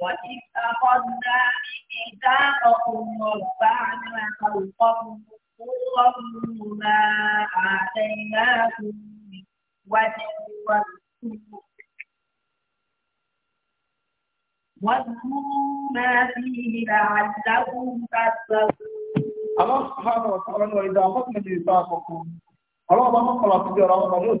وإذ أخذنا ميثاقكم ورفعنا فوقكم الطور ما آتيناكم من واذكروا ما فيه لعلكم تتقون الله سبحانه وتعالى وإذا أخذنا ميثاقكم الله ما خلق في رمضان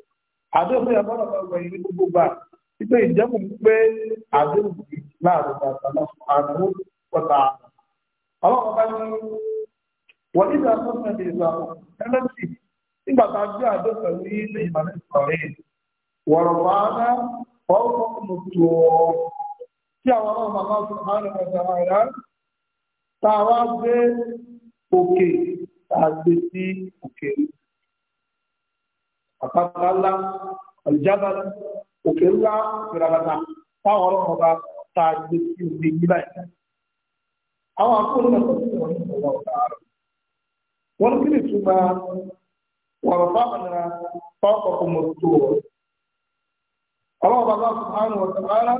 àdéhùn yẹn bọ́lá bàbá yìí ní gbogbo gbà wípé ìjẹ́kù ń pé àdéhùn láàrin ọlọ́run bá ní wọ́n ní ìgbà tó ìgbà nígbà tá a gbé ìmọ̀lẹ́ ìsọ̀rẹ́ wọ̀rọ̀ ná ọ̀rọ̀ mọ̀ tó tí àwọn ọlọ́run tá a wá gbé àpáta ńlá àlùjábà òkè ńlá ìràbàtà táwọn ọlọ́run ọba ta gbé sí omi yí báyìí. àwọn akóni náà tó ń wọ̀nyí ọ̀rọ̀ ọ̀tá rẹ̀. wọ́n kí ni túmọ̀ wọ̀rọ̀ fáwọn náà fọ́ọ̀kọ̀ kò mọ̀ tó wọ̀. ọlọ́run bàbá subhanahu wa ta'ala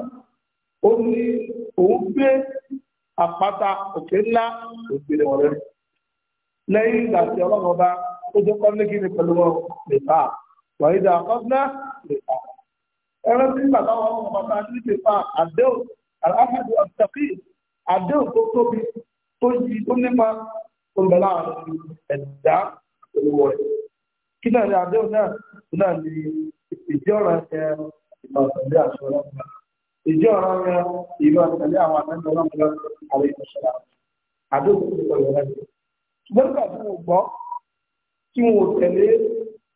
ó wàyídà àkọ́gbá lè pa ẹran tí nígbà táwọn ọmọ bàbá ní lè pa àdéhùn aláhàdù àtàkì àdéhùn tó tóbi tó yí tó nípa tó ń bẹ láàrin ẹ̀dá olówó rẹ̀ kí náà ní àdéhùn náà tó náà ní ìdí ọ̀rọ̀ ẹ̀ ìmọ̀ ìtẹ̀lé àṣọ ọlọ́pàá ìdí ọ̀rọ̀ ẹ̀ ìmọ̀ ìtẹ̀lé àwọn àtẹ̀lé ọlọ́pàá àrẹ ìṣẹ̀lá àdéhùn tó ti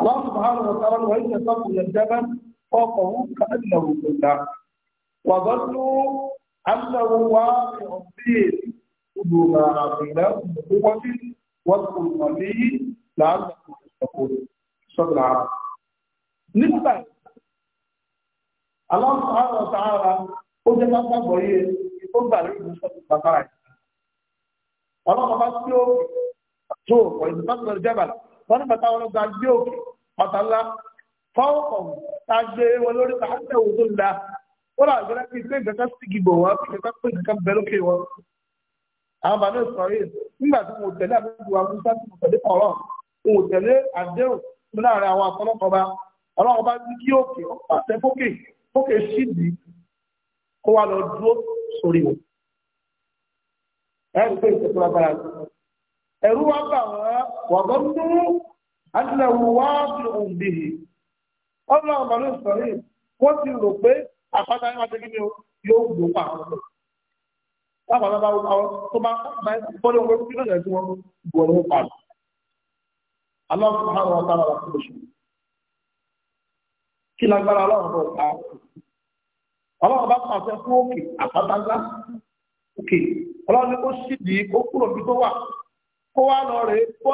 الله سبحانه وتعالى وإن تقوا الجبل فوقهم كأنه كلا وظنوا أنه واقع فيه خذوا ما آتيناكم من قوة واذكروا فيه لعلكم تتقون سورة العرب نسبة الله سبحانه وتعالى قد ما بقي يقول بعد سورة البقرة الله ما بقي شوف وإن تقوا الجبل wọ́n ní bàtà wọn gba gbé òkè bàtà ńlá fọ́ọ̀kọ̀ tàgbé wọn lórí pàṣẹ òwúrọ̀ ńlá ó là gbọ́dọ̀ kí pé nǹkan kan sígi bò wọ́n kí nǹkan pé nǹkan bẹ lókè wọn. àwọn bàbá sọ yìí nígbà tí mo tẹ̀lé àbúrò wa musa tí mo tẹ̀lé ọ̀rọ̀ mo tẹ̀lé àdéhùn mi láàrin àwọn àtọ́lọ́kọba ọlọ́run bá ní kí òkè pàṣẹ fókè fókè síbi kó wa lọ dúró sórí wọn. ẹ rí pé ìṣètò agbára ẹ̀rú wa bà wọ́n wọ̀gọ́ ń dúró adúláwò wá sí òun bìhì ọ̀nà ọ̀bàlú sọ̀rí wọ́n ti rò pé àpáta yẹn ṣe kí ni yóò gbó pa àwọn ọ̀dọ́ lápapọ̀ bá wọn tó bá bọ́lé wọn kí tí wọ́n gbọ́ pa lọ. aláwọ̀ kó wá lọ rèé kó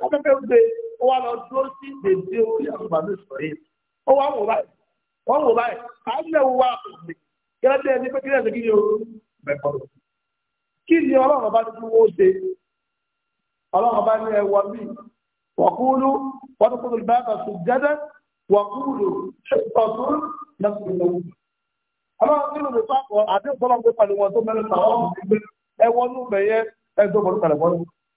kọ́kẹ́kẹ́ gbé kó wá lọ dúró sí dèdè orí àgbà ní sọ̀rọ̀ yìí ó wá wò báyìí wọ́n wò báyìí à ń wá òbí gẹ́gẹ́ bí ẹni pé kí ẹ̀sìn kí ni o bẹ̀kọ́ kí ni ọlọ́run bá ní kí wọ́n ṣe ọlọ́run bá ní ẹwà bíi wàkúlù wọ́n tún kó lórí báyà jẹ́dẹ́ wàkúlù ọ̀tún lẹ́sìn lọ́wọ́ ọlọ́run nínú ìfọ̀ àdéhùn tọ́lọ́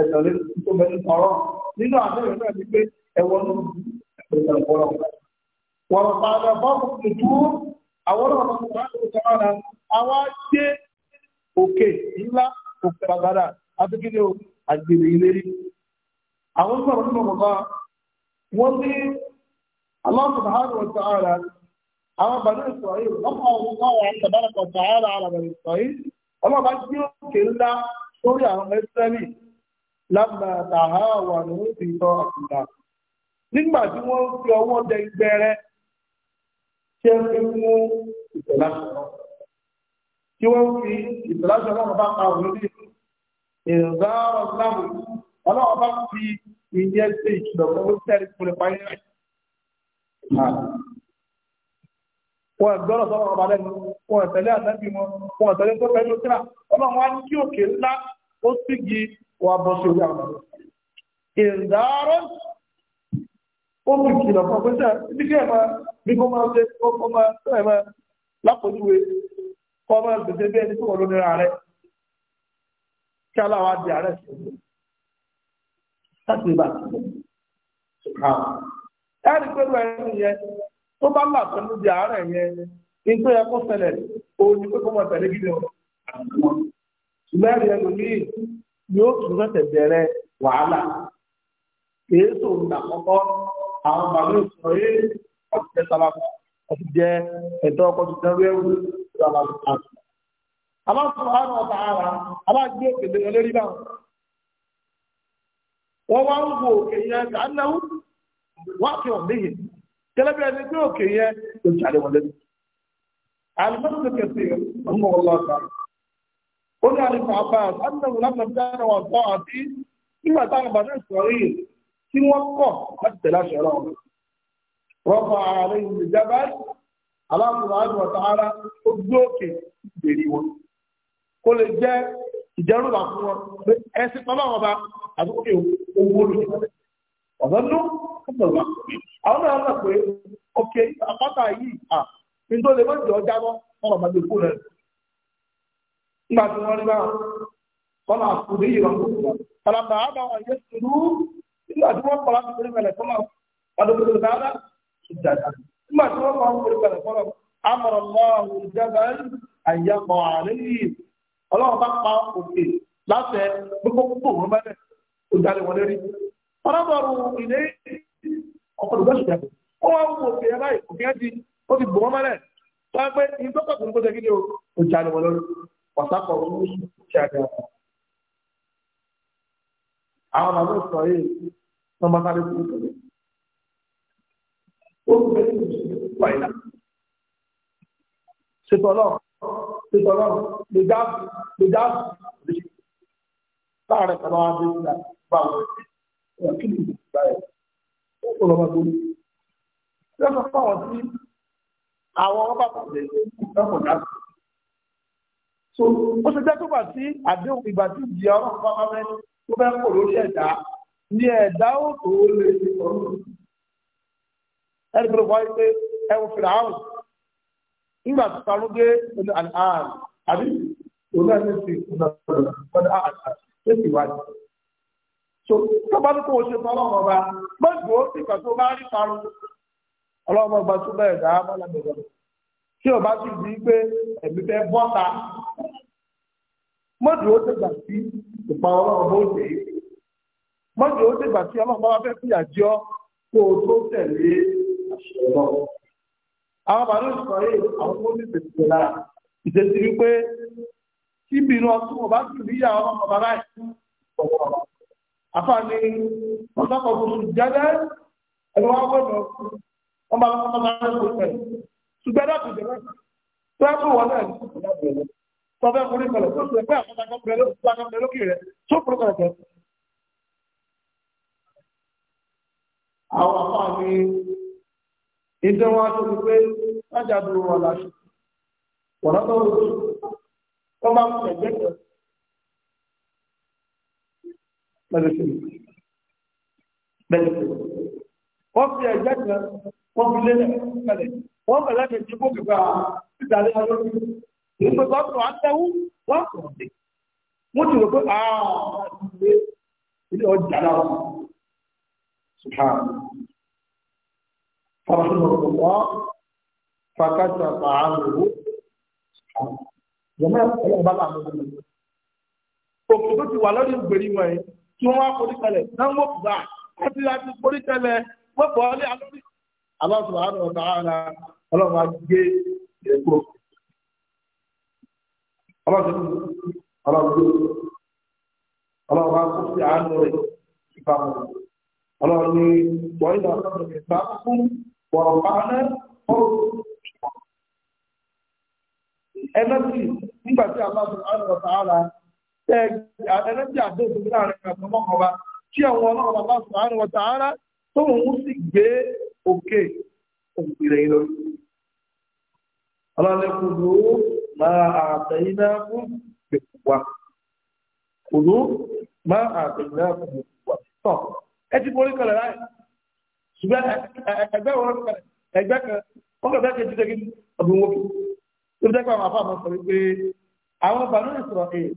ẹ̀sẹ̀ lé tó bẹ̀rẹ̀ sọ̀rọ̀ nínú àbẹ̀rẹ̀ náà ni pé ẹ̀wọ̀n ló ẹ̀sẹ̀ ìfọ̀rọ̀ wọ̀n padà bọ́ọ̀lù tuntun àwọn ọ̀rọ̀ òkè ńlá òkè àgbèrè ìlérí àwọn ní àwọn bàbá àwọn ọmọ àwọn àwọn lábà tàhá wà ní ìtọ́ àkùdà nígbà tí wọ́n fi ọwọ́ dẹ gbẹrẹ tí wọ́n fi mú ìtẹ̀láṣọ́rọ̀ tí wọ́n fi ìtẹ̀láṣọ́rọ̀ bá pa òun ní ìrìnzá ọ̀gbọ́n ọlọ́wọ́ bá fi ìyẹn ṣe ìṣúná fún sẹ́ẹ̀rì fún ipa yẹn rẹ̀. Wọ́n gbọ́dọ̀ sọ́wọ́ ọba lẹ́nu, wọ́n tẹ̀lé àtẹ́bí wọn, wọ́n tẹ̀lé tó fẹ́ lókèrà, ọlọ́run wá ní kí òkè ńlá ó sígi wà bọ́ sí orí àwọn ọmọ ìdáró ó fi kìlọ̀ fún ọgbẹ́sẹ̀ ibi kí ẹ máa bí kó máa ṣe kó máa tó ẹ máa lápòjúwe kó máa gbèsè bí ẹni tó wọ́n lónìí ààrẹ kí aláwa di ààrẹ sí ọdún láti ibà sí ọdún. ẹni pẹ̀lú ẹni yẹn tó bá là di ààrẹ yẹn ní tó yẹ kó ṣẹlẹ̀ ni pé kó máa tẹ̀lé gidi ọ̀rọ̀ àti ṣùgbọ́n ẹ̀rí ẹlòmíì yóò tún fẹsẹ̀ bẹ̀rẹ̀ wàhálà kìí sòrò àwọn bàbá ìsọ̀rọ̀ yé ọ̀sùn jẹ́ sábàbà ọ̀sùn jẹ́ ẹ̀tọ́ ọkọ̀ tuntun ẹ̀rú ẹ̀rú sábàbà àti. aláṣọ àrùn ọ̀tá ara wá ń wo òkè yẹn wá òkè yẹn kẹsì ọmọ ó ní àlefà abbas adúlẹ̀wò lápẹ̀tẹ̀ wà sọ àti nígbà táwọn bàtà sọ̀rí tí wọ́n kọ̀ láti tẹ̀lé aṣọ ọ̀rọ̀ rọ́bà ààrẹ ìjọba aláàbùrọ̀ àdùn ọ̀tá ara ó gbé òkè ìbèrè wọn kó lè jẹ́ ìjẹ́rùbà fún wọn pé ẹsìn tọ́lá ọba àdúgbò owó olùdíje ọ̀dọ́ ló ń bọ̀ wá. àwọn náà mọ̀ pé òkè àpáta yìí à ní tó lè mọ̀ jọ jábọ́ ọ̀rọ̀ màdùkú rẹ̀ nígbà tí wọ́n rí bá kọ́nà àkùdé yìí wọn kò kàlàbà àbá wọn yẹ sùúrù nígbà tí wọ́n kọ́lá kúrò mẹ́lẹ̀ kọ́nà àdókòtò dáadáa sì dàda nígbà tí wọ́n kọ́lá kúrò mẹ́lẹ̀ kọ́nà àmọ̀rọ̀ lọ́wọ́ ìjọba àyàmọ̀ àlẹ́ yìí ọlọ́run bá pa òkè láti gbogbo gbogbo wọn mẹ́lẹ̀ ó jalè wọn lérí ọlọ́mọrù ilé ọ̀pọ̀lọpọ̀ ó wá wọ òkè ẹ báyìí òkè ẹ ti ó pàtàkọ̀ olóṣù tí a dára. Àwọn bàbá ìsọ̀ yìí tó bá sáré fún ìtòlè. Ó ń bẹ̀rẹ̀ ìṣẹ̀lẹ̀ púpọ̀ ìlà. Ṣètò ọlọ́run, ṣètò ọlọ́run, lè dáàbò, lè dáàbò, lè ṣe. Láàárẹ̀ pẹ̀lú àwọn abẹ́rẹ́ ìlà bá wọn. Ìyá kí ìgbà rẹ̀? Ó lọ́ bá gbóni. Ṣé ọ̀sán fáwọn tí àwọn ọba so ó ṣe jẹ́ tó bá sí àdéhùn ìgbà tí ìjìyà ọlọ́run bá máa fẹ́ tó fẹ́ kò lórí ẹ̀dá ní ẹ̀dá ó tó lè ṣe ọ̀rọ̀ ẹni tó lè wáyé pé ẹwọ fìlà áwùn nígbà tó parọ́ gé ẹni àlàn àbí òun náà ní ti ọ̀dọ̀ àlàn ṣé ti wáyé so tó bá ní kó o ṣe fún ọlọ́run ọba mọ́jú ó sì kà bá rí parọ́ ọlọ́run ọba tó bẹ̀rẹ̀ dá bá lábẹ́ ìjọba tí o bá sì di pé ẹ̀mí fẹ́ bọ́ta mọ́jú ó dìgbà sí ìpa ọlọ́run bó dé mọ́jú ó dìgbà sí ọlọ́run bá wá fẹ́ fìyà jẹ ọ́ kó o tó tẹ̀lé àṣẹ ọlọ́run. àwọn bàbá yóò sọ yìí àwọn tó ní tètè lára ìtẹ̀sí rí pé kí bínú ọtún ọba sì rí ìyá ọlọ́run bàbá láì ọ̀pọ̀ ọ̀pọ̀ àfààní ọ̀sán kan tuntun jáde ẹni wá gbọ́dọ̀ wọn bá lọ́kọ́ ṣùgbọ́n láti ìjọba tó yẹ kó wọn náà ní ìjọba bẹ̀rẹ̀ tọ́fẹ́ forí kọlọ̀ tó ṣe pé àwọn akọ́bẹ̀rẹ̀ lókè rẹ̀ tó forí kọlọ̀ tẹ̀. àwọn àfáà ní ìdí wọn tó fi pé lájà dúró wọn láṣù wọn lọ́tọ́ wọn lóṣù wọn bá mú ẹgbẹ́ kan lọ́dọ̀ sí i bẹ́ẹ̀ ni wọ́n fi ẹgbẹ́ kan wọ́n fi lélẹ̀ kalẹ̀ wọ́n bẹ̀rẹ̀ mi ti bókè gba ìdàlẹ́ ọlọ́run nígbà tó ọ̀sán àtẹ̀wú wọ́n sọ̀ dé wọ́n ti rò pé àà ah, ilé ilé ọjà náà sùhàn fàṣùnà ọ̀pọ̀ fàkàtà fàánù yọmọ ẹ̀yà bá bá àwọn ọmọ òkè tó ti wà lọ́dún ìgbèrí wọn yìí tí wọ́n wá forí kalẹ̀ náà wọ́n gbà á ti láti forí kalẹ̀ wọ́n bọ̀ ọ́ lé alórí. Allah subhanahu wa ta'ala ọlọ́run á gbé ẹ̀kọ́ ọlọ́run ọlọ́run ọlọ́run á kó sí àánú rẹ̀ ìbámu ọlọ́run ní wọ́n yóò sọ̀rọ̀ nípa fún wọ̀rọ̀ pàánà ọ̀rọ̀ ẹnẹ́tì nígbà tí Allah subhanahu wa ta'ala ẹnẹ́tì láàrin tí àwọn ọlọ́run sì gbé òkè òkìrẹ̀ yìí lórí. ọlọ́lẹ́ kùdú máa àtẹ̀yìnà fún ìpòwà kùdú máa àtẹ̀yìnà fún ìpòwà tọ̀ ẹ ti borí kalẹ̀ láì ṣùgbọ́n ẹgbẹ́ wọn kalẹ̀ ẹgbẹ́ kan wọ́n kọ̀ bẹ́ẹ̀ kejì tẹ́gí ọdún wọ́pì tó fi dẹ́kọ̀ àwọn afọ àmọ́ sọ wípé àwọn bàánú ìsọ̀rọ̀ ẹ̀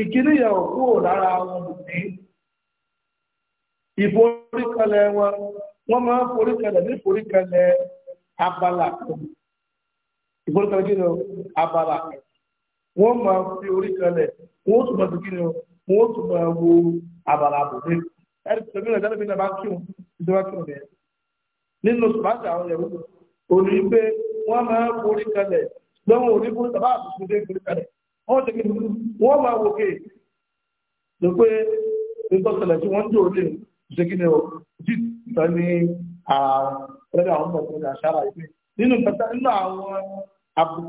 ìkíní yẹ̀ òkú lára wọn nìyí ìforíkalẹ̀ wọn wọ́n máa ń forí kalẹ̀ ní forí kalẹ̀ abala kan ìforí kalẹ̀ kí ni o abala kan wọ́n máa fi orí kalẹ̀ wọ́n tún máa fi ni o wọ́n tún máa wo abala àbòdé ẹ̀rí tẹ̀mí náà dáná bí náà bá kí wọn ìjọba kí wọn bẹ̀rẹ̀ nínú sùpàtà àwọn ẹ̀rọ òní pé wọ́n máa ń forí kalẹ̀ lọ́wọ́ òní forí tàbá àtúntò dé forí kalẹ̀ wọ́n ti kí wọ́n máa wò ké lọ pé nítorí tí wọ́n ń dòó lé ṣe kí ni o títà ní àrẹ́dẹ̀ àwọn ọmọ ìpínlẹ̀ àṣàrà ìpín nínú pẹ̀tẹ́ nínú àwọn àbùkù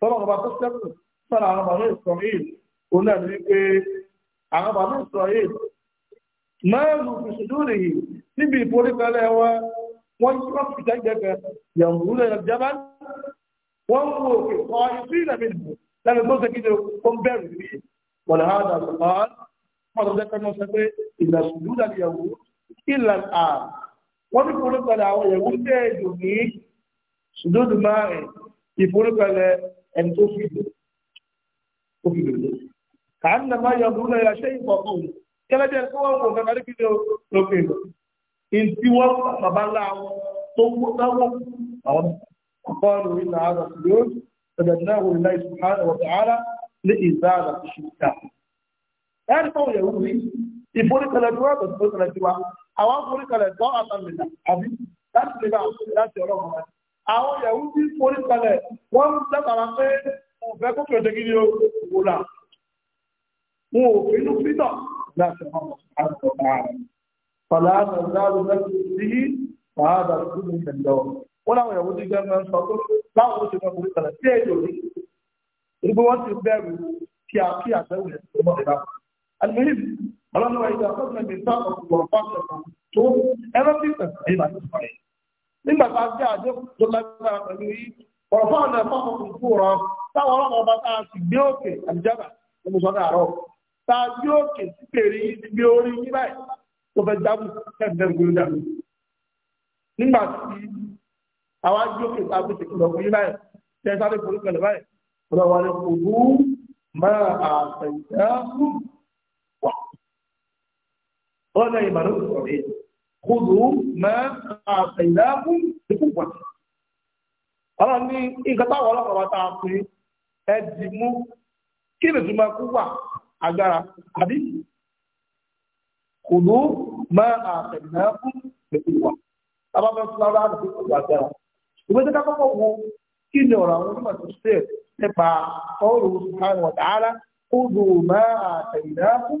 tọ́lọ̀ ọba tó sẹ́kù sọ́nà àwọn bàbá Israel òun náà ní pé àwọn bàbá Israel mẹ́rin ìṣèlú rèé níbi ìforífẹ́lẹ́ wọn wọ́n yí wọ́n fi tẹ́gbẹ́gbẹ́ yẹ̀wù lẹ́yìn jábá wọ́n wo òkè kọ́ ìfúnilẹ̀ mi lẹ́nu tó ṣe kí ni o ń bẹ̀rù mọ́tò jẹ́ pẹ́ẹ́nù sọ pé ìlà sùdú dàbí ẹ̀wù ìlà à wọ́n ti forúkọlẹ̀ àwọn ẹ̀wù tẹ́ ẹ̀dù ní sùdúdù márùn ìforúkọlẹ̀ ẹni tó fi dùn tó fi dùn lé kàá nà má yọ ọdún náà ṣe ìfọ̀kùn kẹlẹ́jẹ́ kí wọ́n wò kankan ní kíni lókè lọ ìdí wọn bàbá ńlá wọn tó wọ́ táwọn àwọn ọkọ̀ ìlà àrọ̀ yóò ṣẹlẹ̀ náà wò ní láì sùn ẹ̀rí fáwọn yẹ̀wù rí ìforíkalẹ̀ tó yàtọ̀ sí ìforíkalẹ̀ tiwa àwọn ìforíkalẹ̀ tó àtàlẹ̀ àbí láti lè bá àwọn ìforíkalẹ̀ láti ọlọ́run rẹ̀ àwọn yẹ̀wù rí ìforíkalẹ̀ wọ́n ń dábàá pé òfẹ́ kókè ọ̀dẹ́ gidi owó là wọn ò fi inú fi náà láti ọmọ àti ọmọ rẹ̀ pàlà àtàlù láti sí fàádà lórí ìṣẹ̀lẹ̀ wọn làwọn yẹ̀wù rí gẹ́gẹ́ sọ pé báwo ló ṣe fẹ́ ìforíkalẹ̀ sí èdè òní ìgbé wọn ti bẹ̀rù kí àtẹ̀wò yẹn tó mọ̀ المهم قال له إذا أخذنا ميثاقكم ورفعتكم تو أنا في تسعيب عن إسرائيل nígbà tá a jẹ́ àjọ tó lágbára pẹ̀lú yìí ọ̀rọ̀fọ́ ọ̀nà ẹ̀fọ́ kúrò táwọn ọlọ́pàá bá tá a sì gbé òkè àbíjábà ní mùsọ̀ dàrọ̀ tá a gbé òkè sí pèrè yìí ti gbé orí yìí báyìí tó fẹ́ jábù kẹ́ẹ̀dẹ́rù gbé قال يا بنو إسرائيل خذوا ما آتيناكم بقوة Ọlọ́run ní nǹkan táwọn ọlọ́pàá wa táa pé ẹ dì mú kí ni tó máa kú wà agbára àbí kùdú máa àtẹ̀nà fún ìpè wà. Tábà fẹ́ fún ara àti ìpè wà agbára. Ìwé tó kápọ̀ wo kí ni ọ̀rọ̀ àwọn onímọ̀ tó ṣe nípa ọ̀rọ̀ oṣù káwọn ọ̀tá ara kùdú máa àtẹ̀nà fún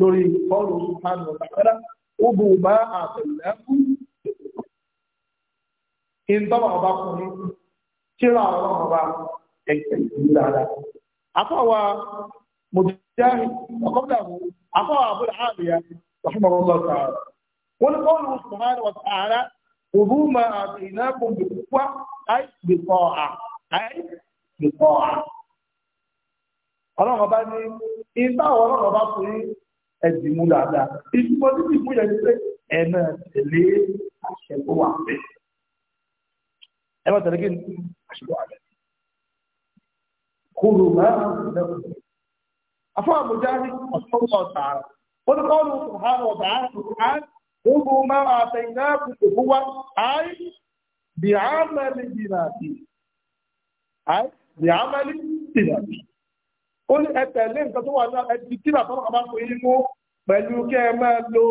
lórí ọrùn sùpánù ọ̀tàkárá ó bù bá àtẹ̀lẹ́kù kí n tọ́wọ́ ọba kíra ọba ìlú dáadáa. afọwà afọwà àbíyá ọrùn òbú ma àì ọba ní ọba ẹ̀dì mú dáadáa ìtumọ̀ tí kì í mú yẹn pé ẹ̀nà tẹ̀lé àṣẹ tó wà bẹ́ẹ̀ ẹ bá tẹ̀lé kí n àṣẹ tó wà bẹ́ẹ̀ kúrò máa ń lẹ́kọ̀ọ́ afọ àbújá ní ọ̀sán ọ̀tàrà wọ́n ti kọ́ ọ́nù sùhánù ọ̀tàrà sùhánù gbogbo máa ń àtẹ̀yìnà kùkù fún wa àì bí àmàlì jìnnà sí àì bí àmàlì jìnnà sí ó ní ẹtẹ̀lé nǹkan tó wà ní ẹtì kí bàbá bàbá kò yí mú pẹ̀lú kí ẹ máa lo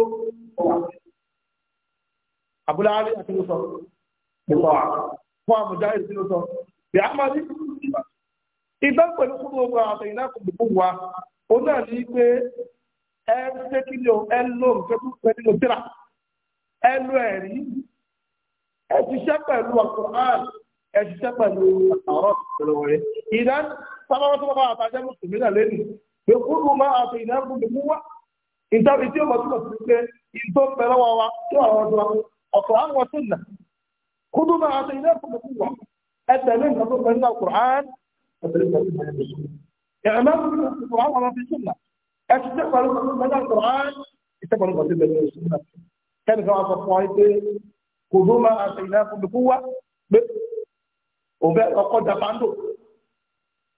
àbúlá rí àti ló sọ nípa fún àmọ̀já èsì ló sọ bí a máa ní ìgbà pẹ̀lú fún gbogbo àtẹ̀yìn náà kò dùkú wa ó náà ní pé ẹ ṣe kí ni o ẹ lo nǹkan tó pẹ́ nínú tíra ẹ lo ẹ̀rí ẹ ṣiṣẹ́ pẹ̀lú al ẹ ṣiṣẹ́ pẹ̀lú ọ̀rọ̀ ìdáná sábà wọn tó bá bá àtàjẹ́ mùsùlùmí náà lẹ́nu pé kúrú máa àti ìnáwó lè mú wá ìtàbí tí ó bá túbọ̀ sí pé ìtò pẹ̀lú wa wa tó àwọn tó wá ọ̀pọ̀ àwọn tó nà kúrú máa àti ìnáwó lè mú wá ẹtẹ̀lé nǹkan tó pẹ̀lú àkùrán ẹtẹ̀lé pẹ̀lú àkùrán kẹ́ni kan wá sọ fún wa pé kúrú máa àti ìnáwó lè mú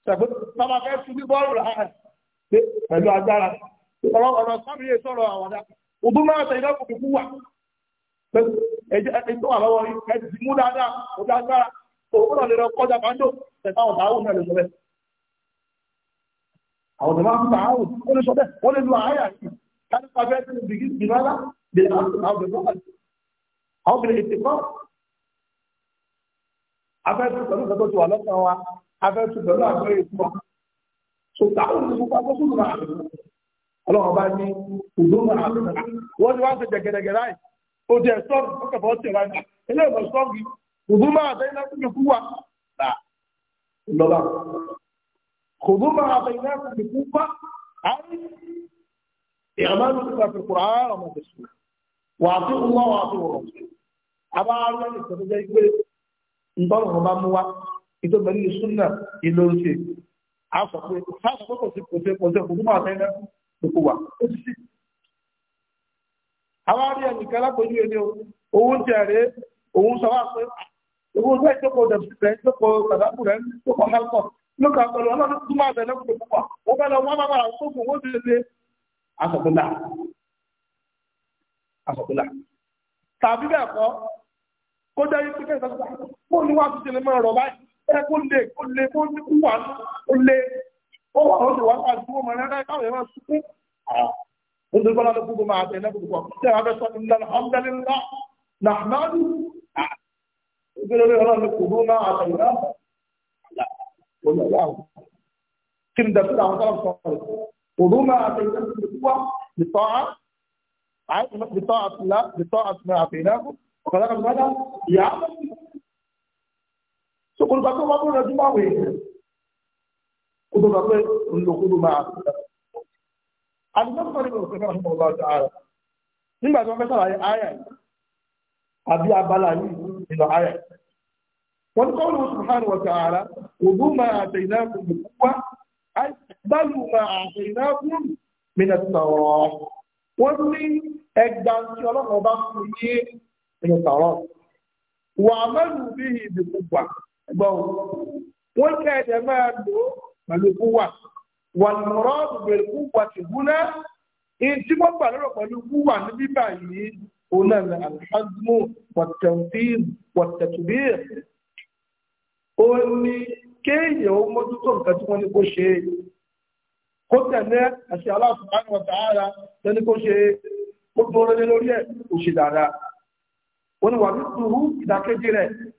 tàbí tọ́ba fẹ́ tún ní bọ́ọ̀lù rà á pé pẹ̀lú agbára ọ̀rọ̀ ọ̀rọ̀ sábìrì yẹn sọ̀rọ̀ àwàdà òdú máa tẹ̀ ìdáàbò kúkú wà ẹjẹ ẹjọ wà lọ́wọ́ ẹjì mú dáadáa òdú agbára òkúrò lè lọ kọjá pàdó tẹ̀ka ọ̀tá àwọn náà lè sọ bẹ́ẹ̀. àwọn ọ̀dọ́ máa ń ta àwọn ó lè sọ bẹ́ẹ̀ wọ́n lè afẹ́tù pẹ̀lú àgbẹ̀rẹ̀ ìfúnwa so táwọn olùkọ́ akọ́ fún ìrà àbẹ̀rẹ̀ ọlọ́run bá ní ìgbóhùn àbẹ̀rẹ̀ wọ́n ti wá ń ṣe jẹgẹdẹgẹ láì ó di ẹ̀sọ́ ọkẹ̀fọ́ tẹ̀ wá ní ilé ìmọ̀ sọ́ọ̀gì ìgbóhùn máa bẹ́ẹ̀ lọ́kùn mi fún wa là lọ́la ìgbóhùn máa bẹ́ẹ̀ lọ́kùn mi fún wa àárín ìrànlọ́run ti gbà fi kùrà ọmọ ìṣúná wà á fi wọ́n wà á fi wọ̀ ìjọba ní súnà ìlò ṣe a sọ pé sáàsọ pé kò sí kò sí kò sí kò sí máa fẹ́ náà gbogbo wa ó ti sí. àwọn arìnrìn àjùkẹ́ alápòjú ẹni owó ń tẹ̀rẹ̀ òun sọ wá pé owó ń tẹ̀rẹ̀ tókò dẹ̀bùsì rẹ̀ tókò tàbákù rẹ̀ tókò hálpọ̀ lókà pẹ̀lú ọlọ́run tó máa bẹ̀rẹ̀ lọ́kùnrin púpọ̀ ó bẹ̀ lọ wọ́n bàbá àwọn tókò owó ti lè asọ̀kúnlá asọ̀kúnlá tàbí ẹ kó lè kó lè kó lè kó wà kó lè ó wà ó sì wà á dúró mọ náà káwọn ẹ̀rọ sunkún ó ní bọ́lá ló gbogbo máa tẹ̀ náà gbogbo ṣé àwọn abẹ́sọ ńlá alhamdulillah nahmadu ìgbéró lórí ọlọ́run kò dúró náà àtẹ̀yìn náà ó lọ wá o kí ni dàbí àwọn sọ́ọ̀rọ̀ sọ́ọ̀rọ̀ kò dúró náà àtẹ̀yìn náà kò dúró bìtọ́à bìtọ́à bìtọ́à àtẹ̀yìn náà kò kọ̀ọ̀lá kan gbọ́dọ̀ ìyá àwọn sokoloba tó wà lórí ọdún báwo yẹn kó tó bá pé ńlọkúlù máa àdìgbọ́n sọ̀rọ̀ ìgbọ̀nsẹ̀ náà fún ọba ọ̀tá ara nígbà tí wọ́n fẹ́ sàlàyé àyà àbí abala yìí nínú àyà wọ́n kọ́ ló subhanahu wa ta'ala òdú máa àtẹ̀yìnákùn bí kúwa báyìí máa àtẹ̀yìnákùn mìíràn sọ̀rọ̀ wọ́n ní ẹgbà tí ọlọ́run ọba fún yé mìíràn sọ̀rọ̀ wà á mẹ́lù bí ìdìbò gbọ́n wọ́n kẹ́ ẹ̀dẹ̀ máa lò pẹ̀lú kúwà wàlùmọ́rọ́ bẹ̀rẹ̀ kúwà ti húná in tí wọ́n gbà lọ́rọ̀ pẹ̀lú kúwà ní bíbà yìí òun náà ní alhazmu wàtẹ̀fíìm wàtẹ̀tùbíẹ̀ ó ní kéèyàn ó mójútó nǹkan tí wọ́n ní kó ṣe kó tẹ̀lé àṣẹ aláàfin àwọn ọ̀tá ara kó ṣe gbogbo orin lórí ẹ̀ kò ṣe dáadáa ó ní wà ní tuhu ìdákẹ́jì rẹ̀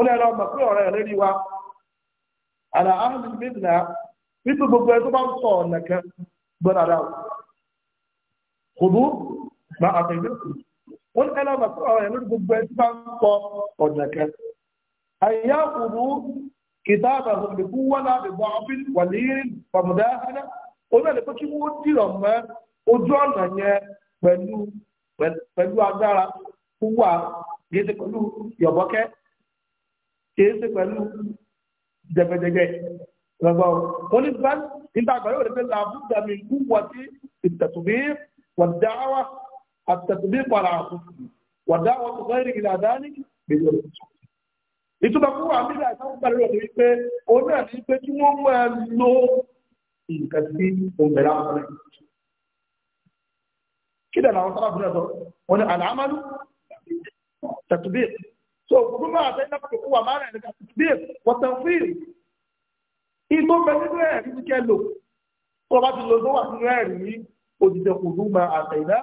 ó lẹ́nu ọmọ pé ọ̀rẹ́ rẹ̀ rí wa àlà áhùn mídìlá nítorí gbogbo ẹ tó bá ń sọ ọ̀nà kan gbọ́dọ̀ dà kò bú ma àtẹ̀yẹ́ kù ó lẹ́nu ọmọ pé ọ̀rẹ́ rẹ̀ gbogbo ẹ tó bá ń sọ ọ̀nà kan àyà kò bú kìtàbà òmìnkú wọ́lá àbẹ̀bọ̀ ọ̀fíìsì wà ní pàmùdá ẹ̀dá ó lẹ́nu pé kí wọ́n dìrọ̀ mọ́ ojú ọ̀nà yẹn pẹ̀lú pẹ̀lú agbára wúwà gẹ́gẹ́ pẹ̀lú yọ̀bọ̀kẹ́ kìí ṣe pẹ̀lú jẹgẹjẹgẹ lọ́gbà wọn ní bá nígbà àgbà yóò rí pé làbúdà mi kú wọ sí ìtẹ̀tùbí wọ̀dáwà àtẹ̀tùbí pàrà wọ̀dáwà tó fẹ́ rí ìlà dání gbèjọ rẹ̀. ìtumọ̀ fún wa nígbà ìtàkùn pẹ̀lú rẹ̀ ni pé òun náà ní pé kí wọ́n mú ẹ lo nǹkan tí òun bẹ̀rẹ̀ àwọn ọ̀rẹ́. kí dàda àwọn sábà fún ẹ sọ wọn ni àlàámálú tẹ̀tùbí so gbogbo máa tẹ́ lápapọ̀ kó wà márùn-ún ẹ̀ka díẹ̀ wọ́tẹ̀fíìl ìtò pẹ̀lú ẹ̀rí ti kẹ́ lò kó o bá ti lò tó wà nínú ẹ̀rí ní òdìdẹ kò ló máa àtẹ̀ ìdá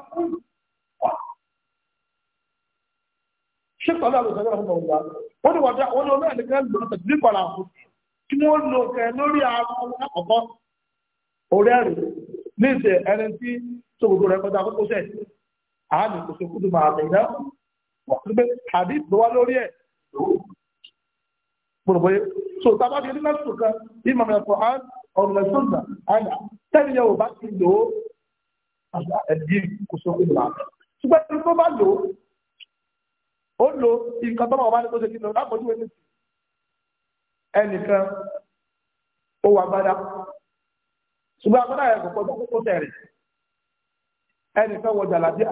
ṣé pẹ̀lú àwọn ìṣẹ́jọ́ ọ̀hún ọ̀hún wa ó ní wọ́n ní olóyè nìkan lò tẹ̀sí nípàlà àwọn kí wọ́n lò kẹ́ lórí àwọn àkọ́kọ́ orí ẹ̀rí ní ìṣẹ̀ ẹni tí sòkòtò rẹ̀ kọjá kókó sẹ̀ àánì kò sòkòtò máa àtẹ̀ ìdá ọ̀hún pé hadith ló wá lórí ẹ̀ gbogbo so tábà bí onílẹ̀ sùn kan bí màmá ẹ̀kọ́ án ọ̀rọ̀ ẹ̀sùn nà àná tẹ́lẹ̀ yẹ ò bá ti lò ó àgbà ẹ̀dí kò sókè lọ àná ṣùgbọ́n ẹni tó bá lò ó ó lò nǹkan tó bá wà bá ní kó ṣe kí lọ lápòjú ẹni ẹnìkan ó wà gbádá ṣùgbọ́n agbádá yẹn kò pọ̀ tó tẹ̀rẹ̀ ẹnìkan wọ jàlábíà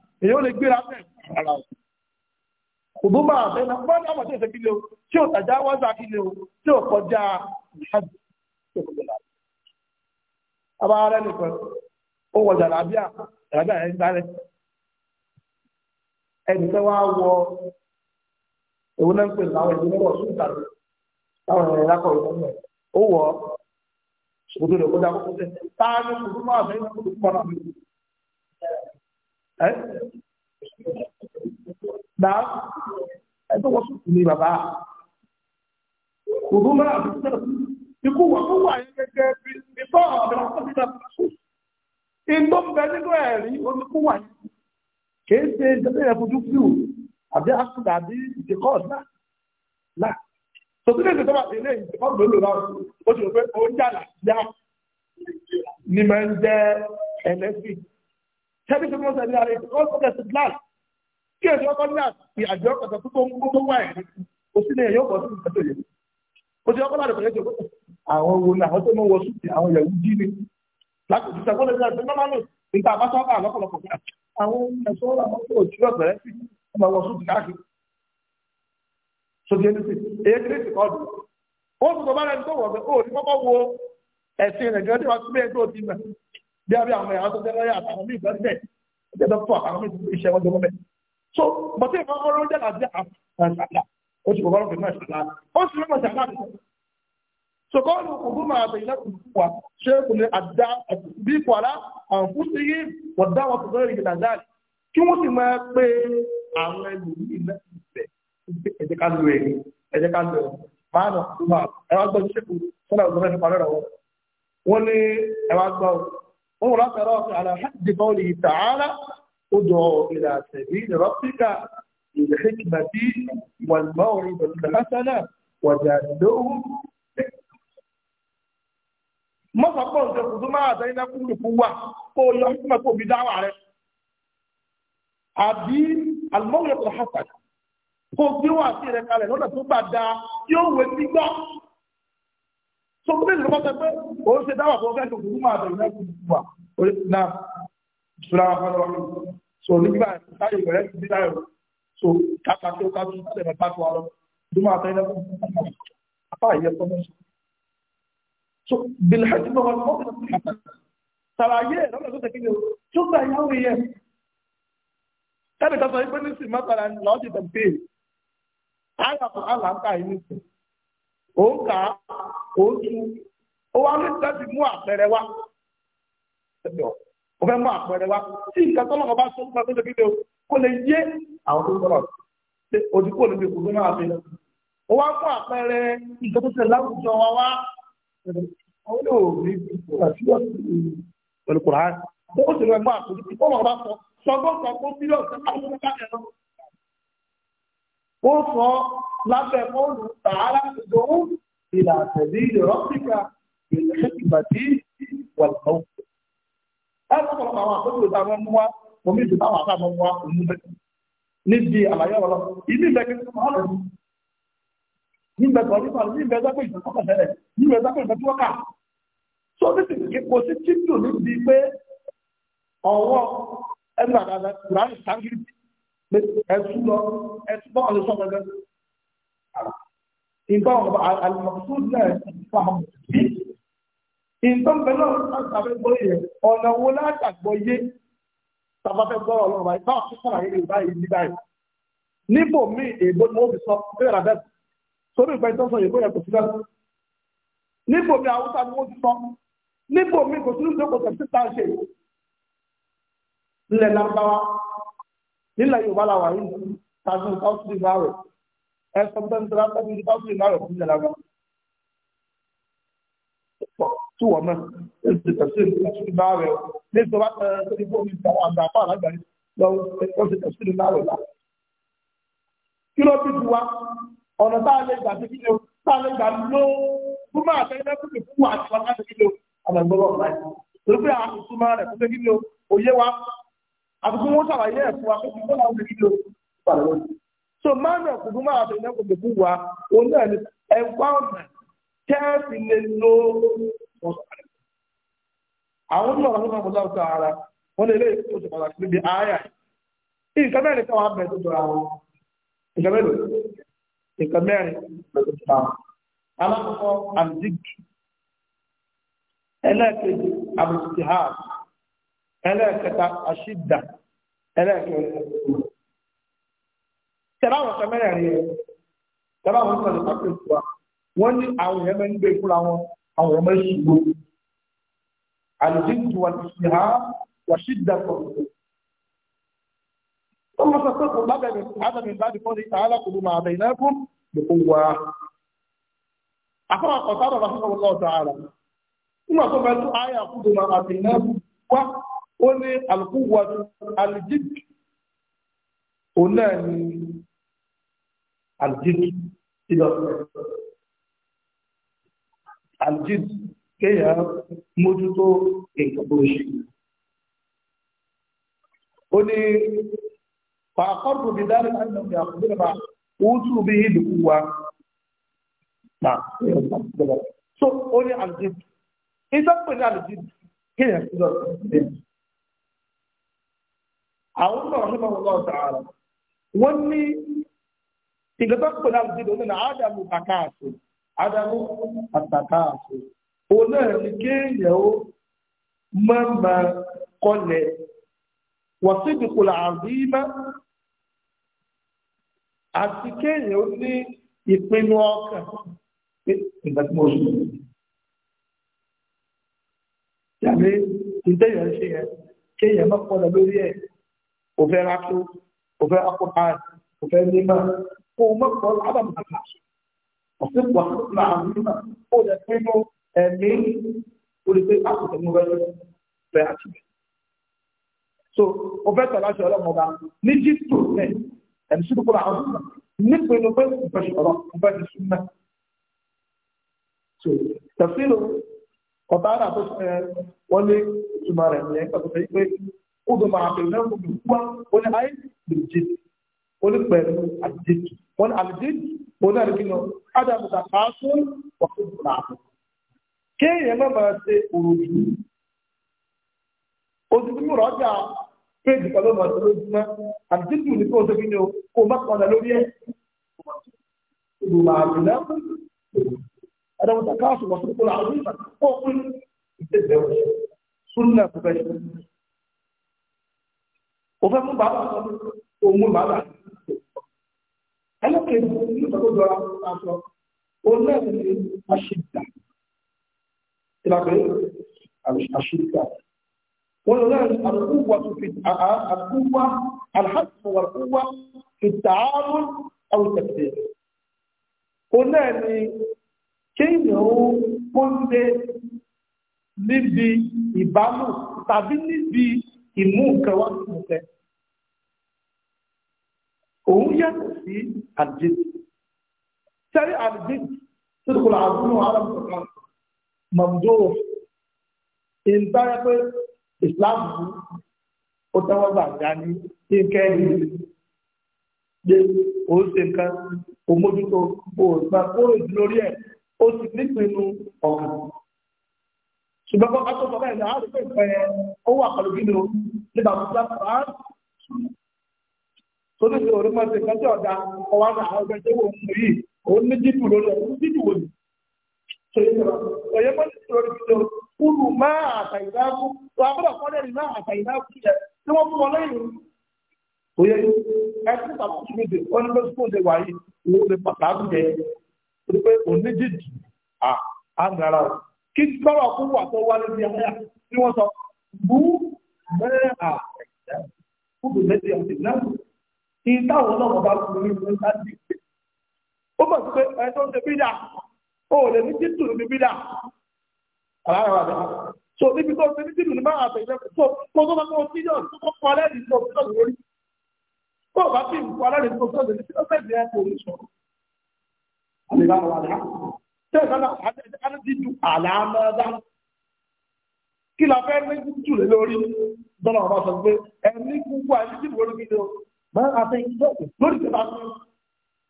èyí ó lè gbéra bẹ́ẹ̀ ara o òbúmọ̀ àbẹ́nà wọ́n náà mọ̀ sí kílẹ̀ o tí ò tàjá wọ́n sá o tí ò kọjá ìhàjì tí ò kọjá láàrín. àbá ara nìkan ó wọ jàlábíà jàlábíà ẹ̀ ń dálẹ̀ ẹnìkan wá wọ èwo náà ń pè láwọn ìdílé wọ̀ sí ìtàn láwọn ìrìn lákọ̀ ìdánwò ó wọ ṣòkòtò rẹ̀ kọjá kókó tẹ̀ tá a Dá ẹgbẹ́ wọ́n sùn ní bàbá. Òru máa bí sẹ́ẹ̀ ikú wọ́n tó wà yín gẹ́gẹ́ bí tọ́ ọ̀dọ̀ tó ti dàbí sùn. Igbó ń bẹ nínú ẹ̀rí omi kú wà yín. Kìí ṣe ìjọba yẹn fojú fíù àbí àkùdà àbí ìdíkọ́ ọ̀dà náà. Sọ̀tún lè tẹ̀sọ́ àti ilé ìdíkọ́ ọ̀dọ̀ lò náà ó ti rò pé ó ń jà láti dá ní máa ń jẹ́ ẹlẹ́sìn tẹ́bí tó mọ́ sẹ́bí ààrẹ ìdíkọ́ tó tẹ̀sí glass kí èsì ọkọ̀ ní àti àjọ ọ̀kọ̀tọ̀ tó tó ń gbó tó wà ẹ̀ kò sí ní ẹ̀yọ́ ọkọ̀ sí ìgbà tó yẹ kò sí ọkọ̀ láti pẹ̀lẹ́ tó kọ́ àwọn wo ni àwọn tó mọ́ wọ súùtì àwọn yahoo jí ni láti òṣìṣẹ́ kó lè ní àti nọ́mánù níta àbá sọ́kà lọ́pọ̀lọpọ̀ àwọn ẹ̀ṣọ́ làwọn tó ò jílọ̀ bẹ̀rẹ̀ sí ọmọ wọ súùtì káàkiri sókè ní sí èyí kiri sì kọ́ dùn ó sì tó bí a bí àwọn ẹ̀yà tó jẹ́ lọ́yà àtàwọn míì bẹ́ẹ̀ bẹ́ẹ̀ jẹ́ dọ́kítọ̀ àtàwọn míì tó iṣẹ́ wọn jọmọ́ bẹ́ẹ̀. so bọ́tí ìfọ̀n ọlọ́run jẹ́ àti àṣàlà ó ti kọ̀ọ̀rọ̀ fún àṣàlà ó sì mọ̀ ṣàlà nìkan. so kọ́ọ̀lù kùdú máa bẹ̀ ilẹ̀ kùdú wa ṣé kò lè àdá bí kwara àǹfùsíyí wọ̀dá wọn kùdú rẹ̀ ìlànà kí wọ́n sì máa pé àwọn ẹlòmíì náà bẹ̀ ẹ jẹ́ ká lo ẹ̀rí ẹ jẹ́ ká lo ẹ̀rí máa nà kùdú máa ẹ̀rọ gbọ́ ṣẹ́kù sọ́dọ̀ ọ̀dọ́ mẹ́fà lọ́rọ̀ wọn ní ẹ̀rọ gbọ́ وهناك رافع على حد قوله تعالى ادعو إلى سبيل ربك بالحكمة والموعظة الحسنة وجادلهم ما سبقوا الجسد ما أتينا كل قوة قول الحكمة بدعوة عليه àbí الموعظة الحسنة قول دعوة سيرك sí rẹ̀ kalẹ̀ lọ́nà tó bá tó kó mélòó lọ́sẹ̀ pé ó ṣe dáwà tó fẹ́ tó fún máa bẹ̀rù náà fún wa orí náà ṣùgbọ́n àwọn ọmọ ọmọ so nígbà táyé ìbẹ̀rẹ̀ ti so kápá tó ká tó sálẹ̀ mẹ́ta tó wa lọ dúmọ̀ àtẹ́lẹ́ fún apá ìyẹ tọ́mọ́ so bìlẹ̀ àti bọ́ọ̀ ọmọ sàlàyé ẹ̀rọ lọ́sẹ̀ kéde o tó ó ń kà á ó ń tu ó wá ní láti mú àpẹẹrẹ wá ó fẹ́ mú àpẹẹrẹ wá tí nǹkan tó lọ́kọ̀ bá sọ nípa tó débi lé o kó lè yé àwọn tó sọ̀rọ̀ pé òdìpọ̀ lè fi kùdú náà fi ó wá mú àpẹẹrẹ nǹkan tó tẹ̀ láwùjọ wa wá àwọn olóògbé àti wọ́n ti pẹ̀lú kùrán ó sì lọ́ mú àpẹẹrẹ tó lọ́kọ̀ bá sọ sọgbọ́n sọgbọ́n mílíọ̀nù ó sọ lábẹ́ mọ́ọ̀lù tààrà ìdòwú ìlà àtẹ̀lé ìrọ́pìkà ìlẹ́kìbàdí wàlúwà. ẹ lọ́pọ̀lọpọ̀ àwọn àkókò ìta wọn mú wa omi ìdùnnú àwọn àtàwọn mú wa òun bẹ́ẹ̀ níbi àlàyé ọ̀rọ̀ ìlú ìbẹ̀kẹ́ tó máa lọ níbẹ̀ tó nípa níbẹ̀ dápẹ́ ìtọ́kọ̀ tẹ́lẹ̀ níbẹ̀ dápẹ́ ìtọ́kọ̀ so this is kò pé ẹtú lọ ẹtú bọ́ ọ̀lẹ́ sọ gẹ́gẹ́ nǹkan ọ̀gbà àlùmọ̀tò náà fáwọn bí nǹkan pẹ̀lú àtàfẹ́ gbọ́ yẹ ọ̀nà wo látàgbọ́ yé tàbáfẹ́ gbọ́ ọlọ́run báyìí báwọn tó sọ̀rọ̀ yìí báyìí ní báyìí níbo mi èèbó ni wọ́n fi sọ bẹ́ẹ̀ rà bẹ́ẹ̀ sórí ìgbà ìtọ́sọ yìí bóyá kò sí lẹ́nu níbo mi àwùjọ ni wọ́n ti sọ níbo mi kò sí ní ìjókòó tẹ̀síta ṣe ilẹ̀ lárúbáwá nílẹ̀ yorùbá làwà yìí tàbí káwùsì ìbáwò ẹ sọ pé nítorí àtàbí káwùsì ìbáwò fún ìjọba lọ. tí wọ́n mọ̀ ẹ̀sìn tẹ̀sí káwùsì ìbáwò nítorí àtàbí fóònù àgbà fún àlágbàrí lọ́wọ́ ẹ̀sìn tẹ̀sí ìbáwò là. kí ló bí ti wá ọ̀nà tá a lè gbà sí kíló tá a lè gbà ló fún máa tẹ́ ẹ́ fún ìfún àti wọn láti kíló àgbàgbọ́ àbùkù wọn ṣàlàyé ẹ̀fọ́ akẹ́kọ̀ọ́ tó láwọn èdè lórí ìpàdé lórí. so máàmì ọ̀kùnkùn máa fi ẹ̀kọ́ gbogbo wa òun náà ni ẹ̀wá ọ̀nà tẹ́ẹ̀sì lè lo àwọn tó wà lọ́wọ́ ọ̀gá ọ̀gá ara wọn lè lé ètò ìṣe pàtàkì níbi ààyà nǹkan mẹ́rin káwọn abẹ tó jọra wọn nǹkan mẹ́rin nǹkan mẹ́rin pẹ̀lú ẹlẹ́ẹ̀kẹta àṣìdà ẹlẹ́ẹ̀kẹta tẹ̀lé àwọn ọ̀sẹ̀ mẹ́rẹ̀ẹ̀rin yẹn tẹ̀lé àwọn ọ̀sẹ̀ lọ́pàá tó wà wọ́n ní àwọn èèyàn máa ń gbé fúnra wọn àwọn èèyàn máa ń ṣubú àlùjíǹtì wà ti ṣe há wà ṣìdà kọ̀ọ̀kan. ó lọ sọ pé kò lábẹ́mi ádámì bá dìbọn ní tààlà kò lù máa bẹ̀ iná fún gbogbo wa. àfọwọ́ ọ̀tá rọ̀ lọ́sọ̀rọ̀ lọ́sọ̀rọ̀ àrà. nígbà tó bẹ ó ní alùpùpù alìjíkì òun náà ní alìjíkì ìlọ alìjíkì kéèyàn mójútó nǹkan tó ṣe ó ní fàákọ́rù bí dárí àìsàn ìyá àkùnrin bá wútú bí ìdìkú wa náà so ó ní alìjíkì ìjọba ní alìjíkì kéèyàn sí lọ sí ilé àwọn náà ní bàbá ọlọ́ọ̀ sàárà wọ́n ní ìgbà tó pè náà dídò nínú ádámù àkáàtì ádámù àtàkáàtì òun náà ní kéèyàn ó máa máa kọlẹ̀ wọ́n sì dìkù làbímá àti kéèyàn ó ní ìpinnu ọkàn ìgbà tí mo sùn yàrá ìdẹ́yẹ̀ ṣe yẹn kéèyàn má kọlẹ̀ lórí ẹ̀ o fẹ́ rákú o fẹ́ akópa o fẹ́ nímọ̀ kó o mọ̀kọ́ lábàbàbà ọ̀sẹ̀ wà fúnra àwọn nímọ̀ ó lè pinnu ẹ̀mí o lè pe àkùtẹ̀ mú rẹ fẹ́ àti bẹ́ẹ̀. so o fẹ́ tẹ̀lé aṣọ ọlọ́mọba ní jíìpù rẹ̀ ẹ̀mí sí kúkúrú àwọn nímọ̀ nípinnu pé o fẹ́ sọ̀rọ̀ o fẹ́ ti sún mẹ́. so tẹ̀sílò ọ̀tá àdàtọ̀ wọlé ìtumọ̀ rẹ̀ ní ẹ̀ ó bẹ máa bẹ̀rẹ̀ náà gbogbo wá ó ní ayé bẹ̀rẹ̀ jẹ ó ní pẹ̀lú àdìjẹjì wọn ní àdìjẹjì òun náà nìkan ádámù tàbí aṣọ wà fún ìgbà àbọ̀ kéèyàn má máa ṣe òròjú oṣù tí mo rọjà péjì kan ló máa ṣe lójúmọ́ àdìjẹjì ní kí o ṣe kí ni o kó o má padà lórí ẹ̀ ìgbìmọ̀ àbẹ̀ náà ádámù tàbí aṣọ wà fún ìgbà àbọ̀ o fẹ́ mú bàbá sọ o mú bàbá ẹlẹ́kẹ̀ẹ́ ní ìtọ́jú jọra aṣọ o lẹ́yìn ní aṣèjà ìlàgbé aṣèjà wọn lọ lẹ́yìn àkúwà fi àkúwà alhàtúwà àkúwà ìtààmú àwùjọ̀tẹ̀ o lẹ́yìn ní kéèyàn ó pọ́ńdé níbi ìbámu tàbí níbi ìmú nǹkan wá fún un fẹ́. Òun yàtọ̀ sí àdìsí. Sẹ́rí àdìsí tó dùkọ̀ àbúrò alábùkọ̀ kan mọ̀mdó ìntayẹ pé ìsìláàmù ó tẹ́wọ́ gbà já ní kíkẹ́ ìlú pé ó ṣe nǹkan òmójútó òògbà kóró ìdílórí ẹ̀ ó sì nípinnu ọ̀hún ṣùgbọ́n kọ́ ká tó sọ báyìí náà àti pé ni o nígbà tó dá sọ̀rọ̀ án tó ní ṣe orí mọ́tò ìkọ́jọ́ ọ̀dà ọwọ́ àgbà àwọn ọgbẹ́ tó wò ó yìí òun ní dídùn lórí ẹ̀ ní dídùn wò ní. ọ̀yẹ́ mọ́tò ìṣòro ti tó kúrú máa àtàyìnáàkú tó abúlọ̀ kọ́lẹ̀ ní máa àtàyìnáàkú yẹ tí wọ́n fún wọn lẹ́yìn. òye ẹkún tàbí ṣùgbọ́n wọn ní ló sùn ṣe pàtàkì yẹ pé òun ní à á nara o kí gbọ́rọ̀ kún wà tó wá lórí ayá tí wọ́n sọ bú mẹ́rin àpẹẹrẹ kúbù lẹ́sí ọ̀sẹ̀ náà ní táwọn náà bá kú ní ìlú láti ìgbé ó bọ̀ sí pé ẹni tó ń ṣe bídà ó lè ní títù ní bídà alára rẹ̀ so níbi tó ń tẹ́ẹ̀sán náà ti ju àlàámọ́dá kí la fẹ́ ní jù lé lórí dọ́là ọba sọ pé ẹni gbogbo àti tí wọ́n rí lọ máa ń afẹ́ ìjọ lórí ìjọba tó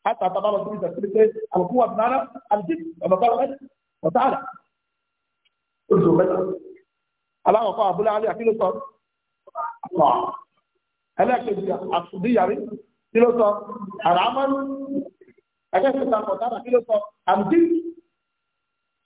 àtàtà bá lọ sí ìjọba tó pé àbùkù wà náírà àti ọ̀nà bá lọ́wọ́ ọ̀tá àlà oṣù mẹ́ta aláwọ̀kọ́ àbúlé alẹ́ àkíló sọ ẹlẹ́kẹ̀jì àṣùdíyàrí kíló sọ àràmọ́nù ẹgbẹ́ ìṣẹ̀ta ọ̀tá àkíló sọ àmì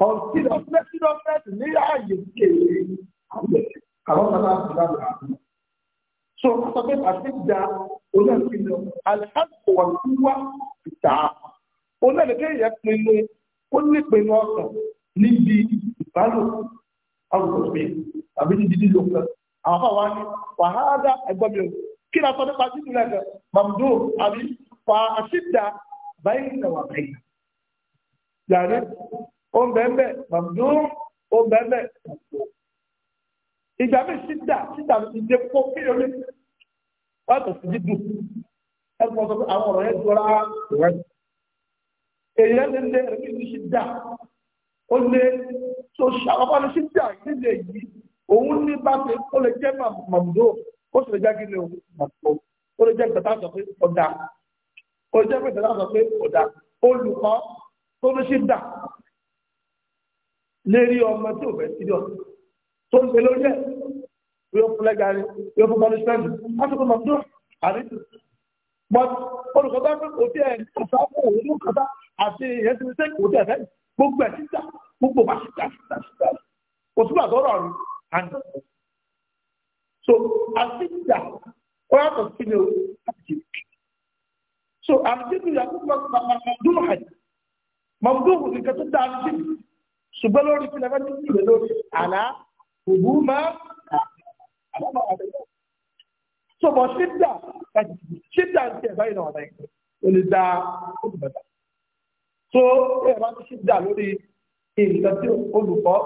Consider blessedness ní ààyè kéèrè àgbẹ̀ àwọn kan láti dá lọ àbí. So sọ pé àtijọ́ onílẹ̀-èdè alẹ́kọ̀ọ́ wà ní wá ìta. Onílẹ̀-èdè yẹn pinnu ó ní pinnu ọ̀sán níbi ìbálò ọ̀rọ̀gbìn tàbí níbi lílo kan. Àwọn kan wá ní wàhálà ẹgbọ́n mi ò kí ni a sọ nípa títí lẹ́gbẹ̀ẹ́ Mamdu àbí fa àtijọ́ báyìí náà wà báyìí. Yàrá ó ń bẹ́ẹ̀ mọ̀mọ́dún ó ń bẹ́ẹ̀ mọ̀mọ́dún. ìgbà mi sídà sídà ló ti dé kó kí lóní wọ́n tó fi dídùn ẹ kò sọ pé àwọn ọ̀rọ̀ yẹn jọra ìwẹ́. èèyàn lè lé ẹ̀rí ní sídà ó lé tó ṣàkọ́kọ́ ní sídà nílé yìí òun ní bá ṣe ó lè jẹ́ mọ̀mọ́dún ó sì lè jẹ́ kí o mọ̀mọ́dún ó lè jẹ́ ìgbàtà sọ pé ọ̀dà ó lè jẹ́ ìgbàtà sọ pé ọ̀dà olùkọ́ tó ní sídà lérí ọmọ tí ò fẹ́ sí ọ tó ń pè lórí ẹ̀ yóò fún lẹ́gàá ni yóò fún punishment láti fún mọ̀tò àríkù but olùkọ́tà pé kò tí ẹ̀ kàtà fún òun ló kàtà àti ìyẹn ti ṣe kò tí ẹ̀ fẹ́ gbogbo ẹ̀ títà gbogbo bá ṣíta ṣíta ṣíta túbọ̀ àtọ́rọ̀ ọ̀run àná so àtìjà ó yàtọ̀ sí ni o àtìjà so àtìjà yàtọ̀ sí ni o àtìjà mamduhu nǹkan tó dáa ní ṣùgbọ́n lórí tí lẹ́fẹ́ tún lè lórí àlá òbú máa àlámà àtẹ̀yẹ. tó bọ̀ ṣídà ṣídà ń tẹ̀ báyìí náà ọ̀dàyìn ó lè da olùbẹ̀dà. tó ẹ bá ti ṣídà lórí nǹkan tí olùkọ́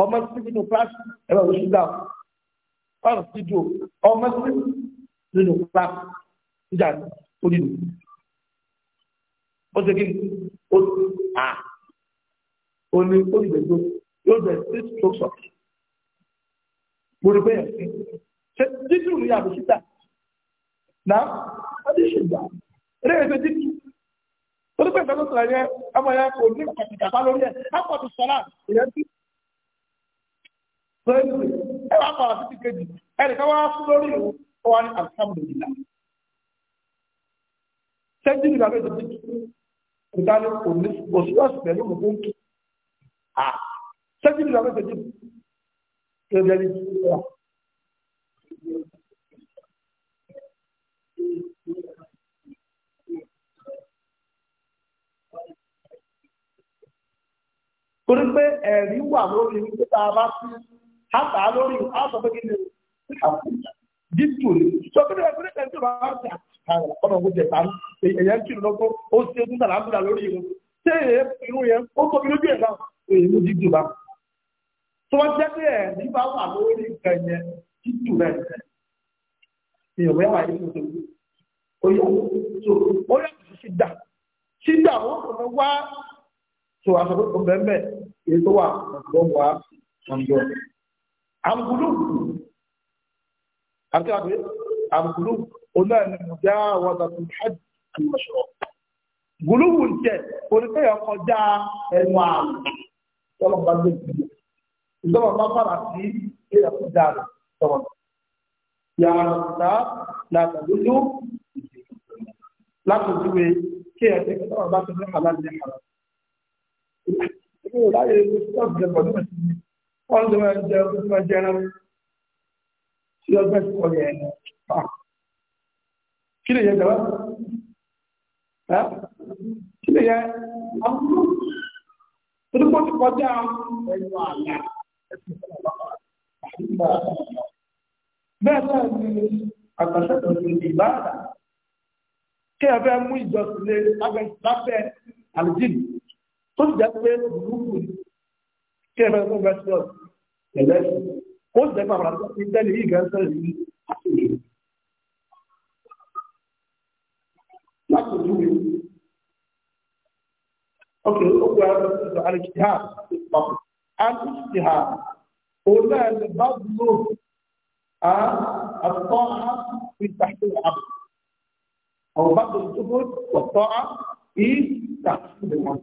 ọmọ sí nínú kíláàsì ẹ bá wọ ṣídà ọ̀rọ̀ síjú ọmọ sí nínú kíláàsì ṣídà orí ó ṣe kí ni ó à ó ní olùgbègbè yóò bẹ̀ six strokes of mo rí bẹ́ẹ̀ sí ṣe títí òun yàgò síta náà adé ṣègbà eré ẹ̀ṣẹ̀ títí ó ní pẹ̀lú ẹ̀ṣẹ̀ sọ̀rọ̀ yẹn ọmọ yẹn kò ní pàtàkì kàkà lórí ẹ̀ lápò tó sọ̀rọ̀ ìyẹn tí ẹ wá pàrọ̀ títí kejì ẹnì kan wá fún lórí ìlú ó wá ní alhamdulillah ṣẹ́ńtì ìgbà méjì títí ìdáni kò ní òṣìṣẹ́ pẹ̀lú òkú ń kí à sẹ́jú ìlú àwọn ìṣẹ́jú kí o jẹ́rìí sí wa. torí pé ẹ̀rí wà lórí wípé tá a bá sí àtà lórí àtọ̀ pé kí ni dídù ni sọ́kúnlẹ̀ ẹ̀kúnlẹ̀ tẹ̀sí ọ̀rọ̀ àwọn àti àtàrà ọ̀nà ògùn jẹ̀ta ẹ̀yẹ ń kírun lọ́gbọ́n ó ṣe ń tàlà àbúrà lórí irun ṣé èyẹ irun yẹn ó tóbi lójú ẹ̀ náà èyí dídùn bá tó wọ́n jẹ́ pé ẹ̀rí bá wà lórí nǹkan dídùn rẹ̀ ni ìwé wà yìí tó oyè tó oyè tó ṣì dà ṣì dà wọ́n kò fẹ́ wá tó aṣọ tó kún bẹ́ẹ̀ èyí tó wà lọ́wọ́ wá ọ̀dọ́ àmukulu àti àbí àmukulu onáà ni mo já wọn tàbí hajj àti mọ̀ṣọ́ gùlùwù jẹ oníkẹ́yọ̀ kọjá ẹnu àlùkò tọ́lọ̀ bá gbé ìdílé ìjọba bá fara sí ilé ẹ̀kọ́ dáadáa tọ́wọ́ yàrá ta làtà lójú látòjúwe kí ẹ ti tọ́lọ̀ bá ti ní àlàyé àrà ìwé láyé ìjọba ìjọba ìjọba wọn lè máa jẹ ọdún máa jẹ ẹran tí ọgbẹ́ ti kọ́ kí lè yẹ jọba kí lè yẹ torí kó ti kọjá ẹnu àlà ẹsùn fún ọba àdúgbò bẹ́ẹ̀ náà ni àgbàṣẹ́tò ní ìbáàdà kí ẹ fẹ́ mú ìjọsìn lé lábẹ́ àlùjìn tó ti jẹ́ pé burúkú ni kí ẹ fẹ́ mú rẹ́sítọ́ọ̀tì ẹ̀lẹ́ kó sì jẹ́ pé àwọn àti ìtẹ́lẹ̀ yìí gẹ̀ẹ́sẹ̀ yìí àti òṣèlú. láti ojú Okay, ó gba ẹgbẹ́ alìkìhá papọ̀. Alìkìhá, òun náà ni bá dúró àtọ́ á fi tàṣí àbọ̀. Àwọn bá dúró tó bó tọ̀tọ́ á fi tàṣí àbọ̀.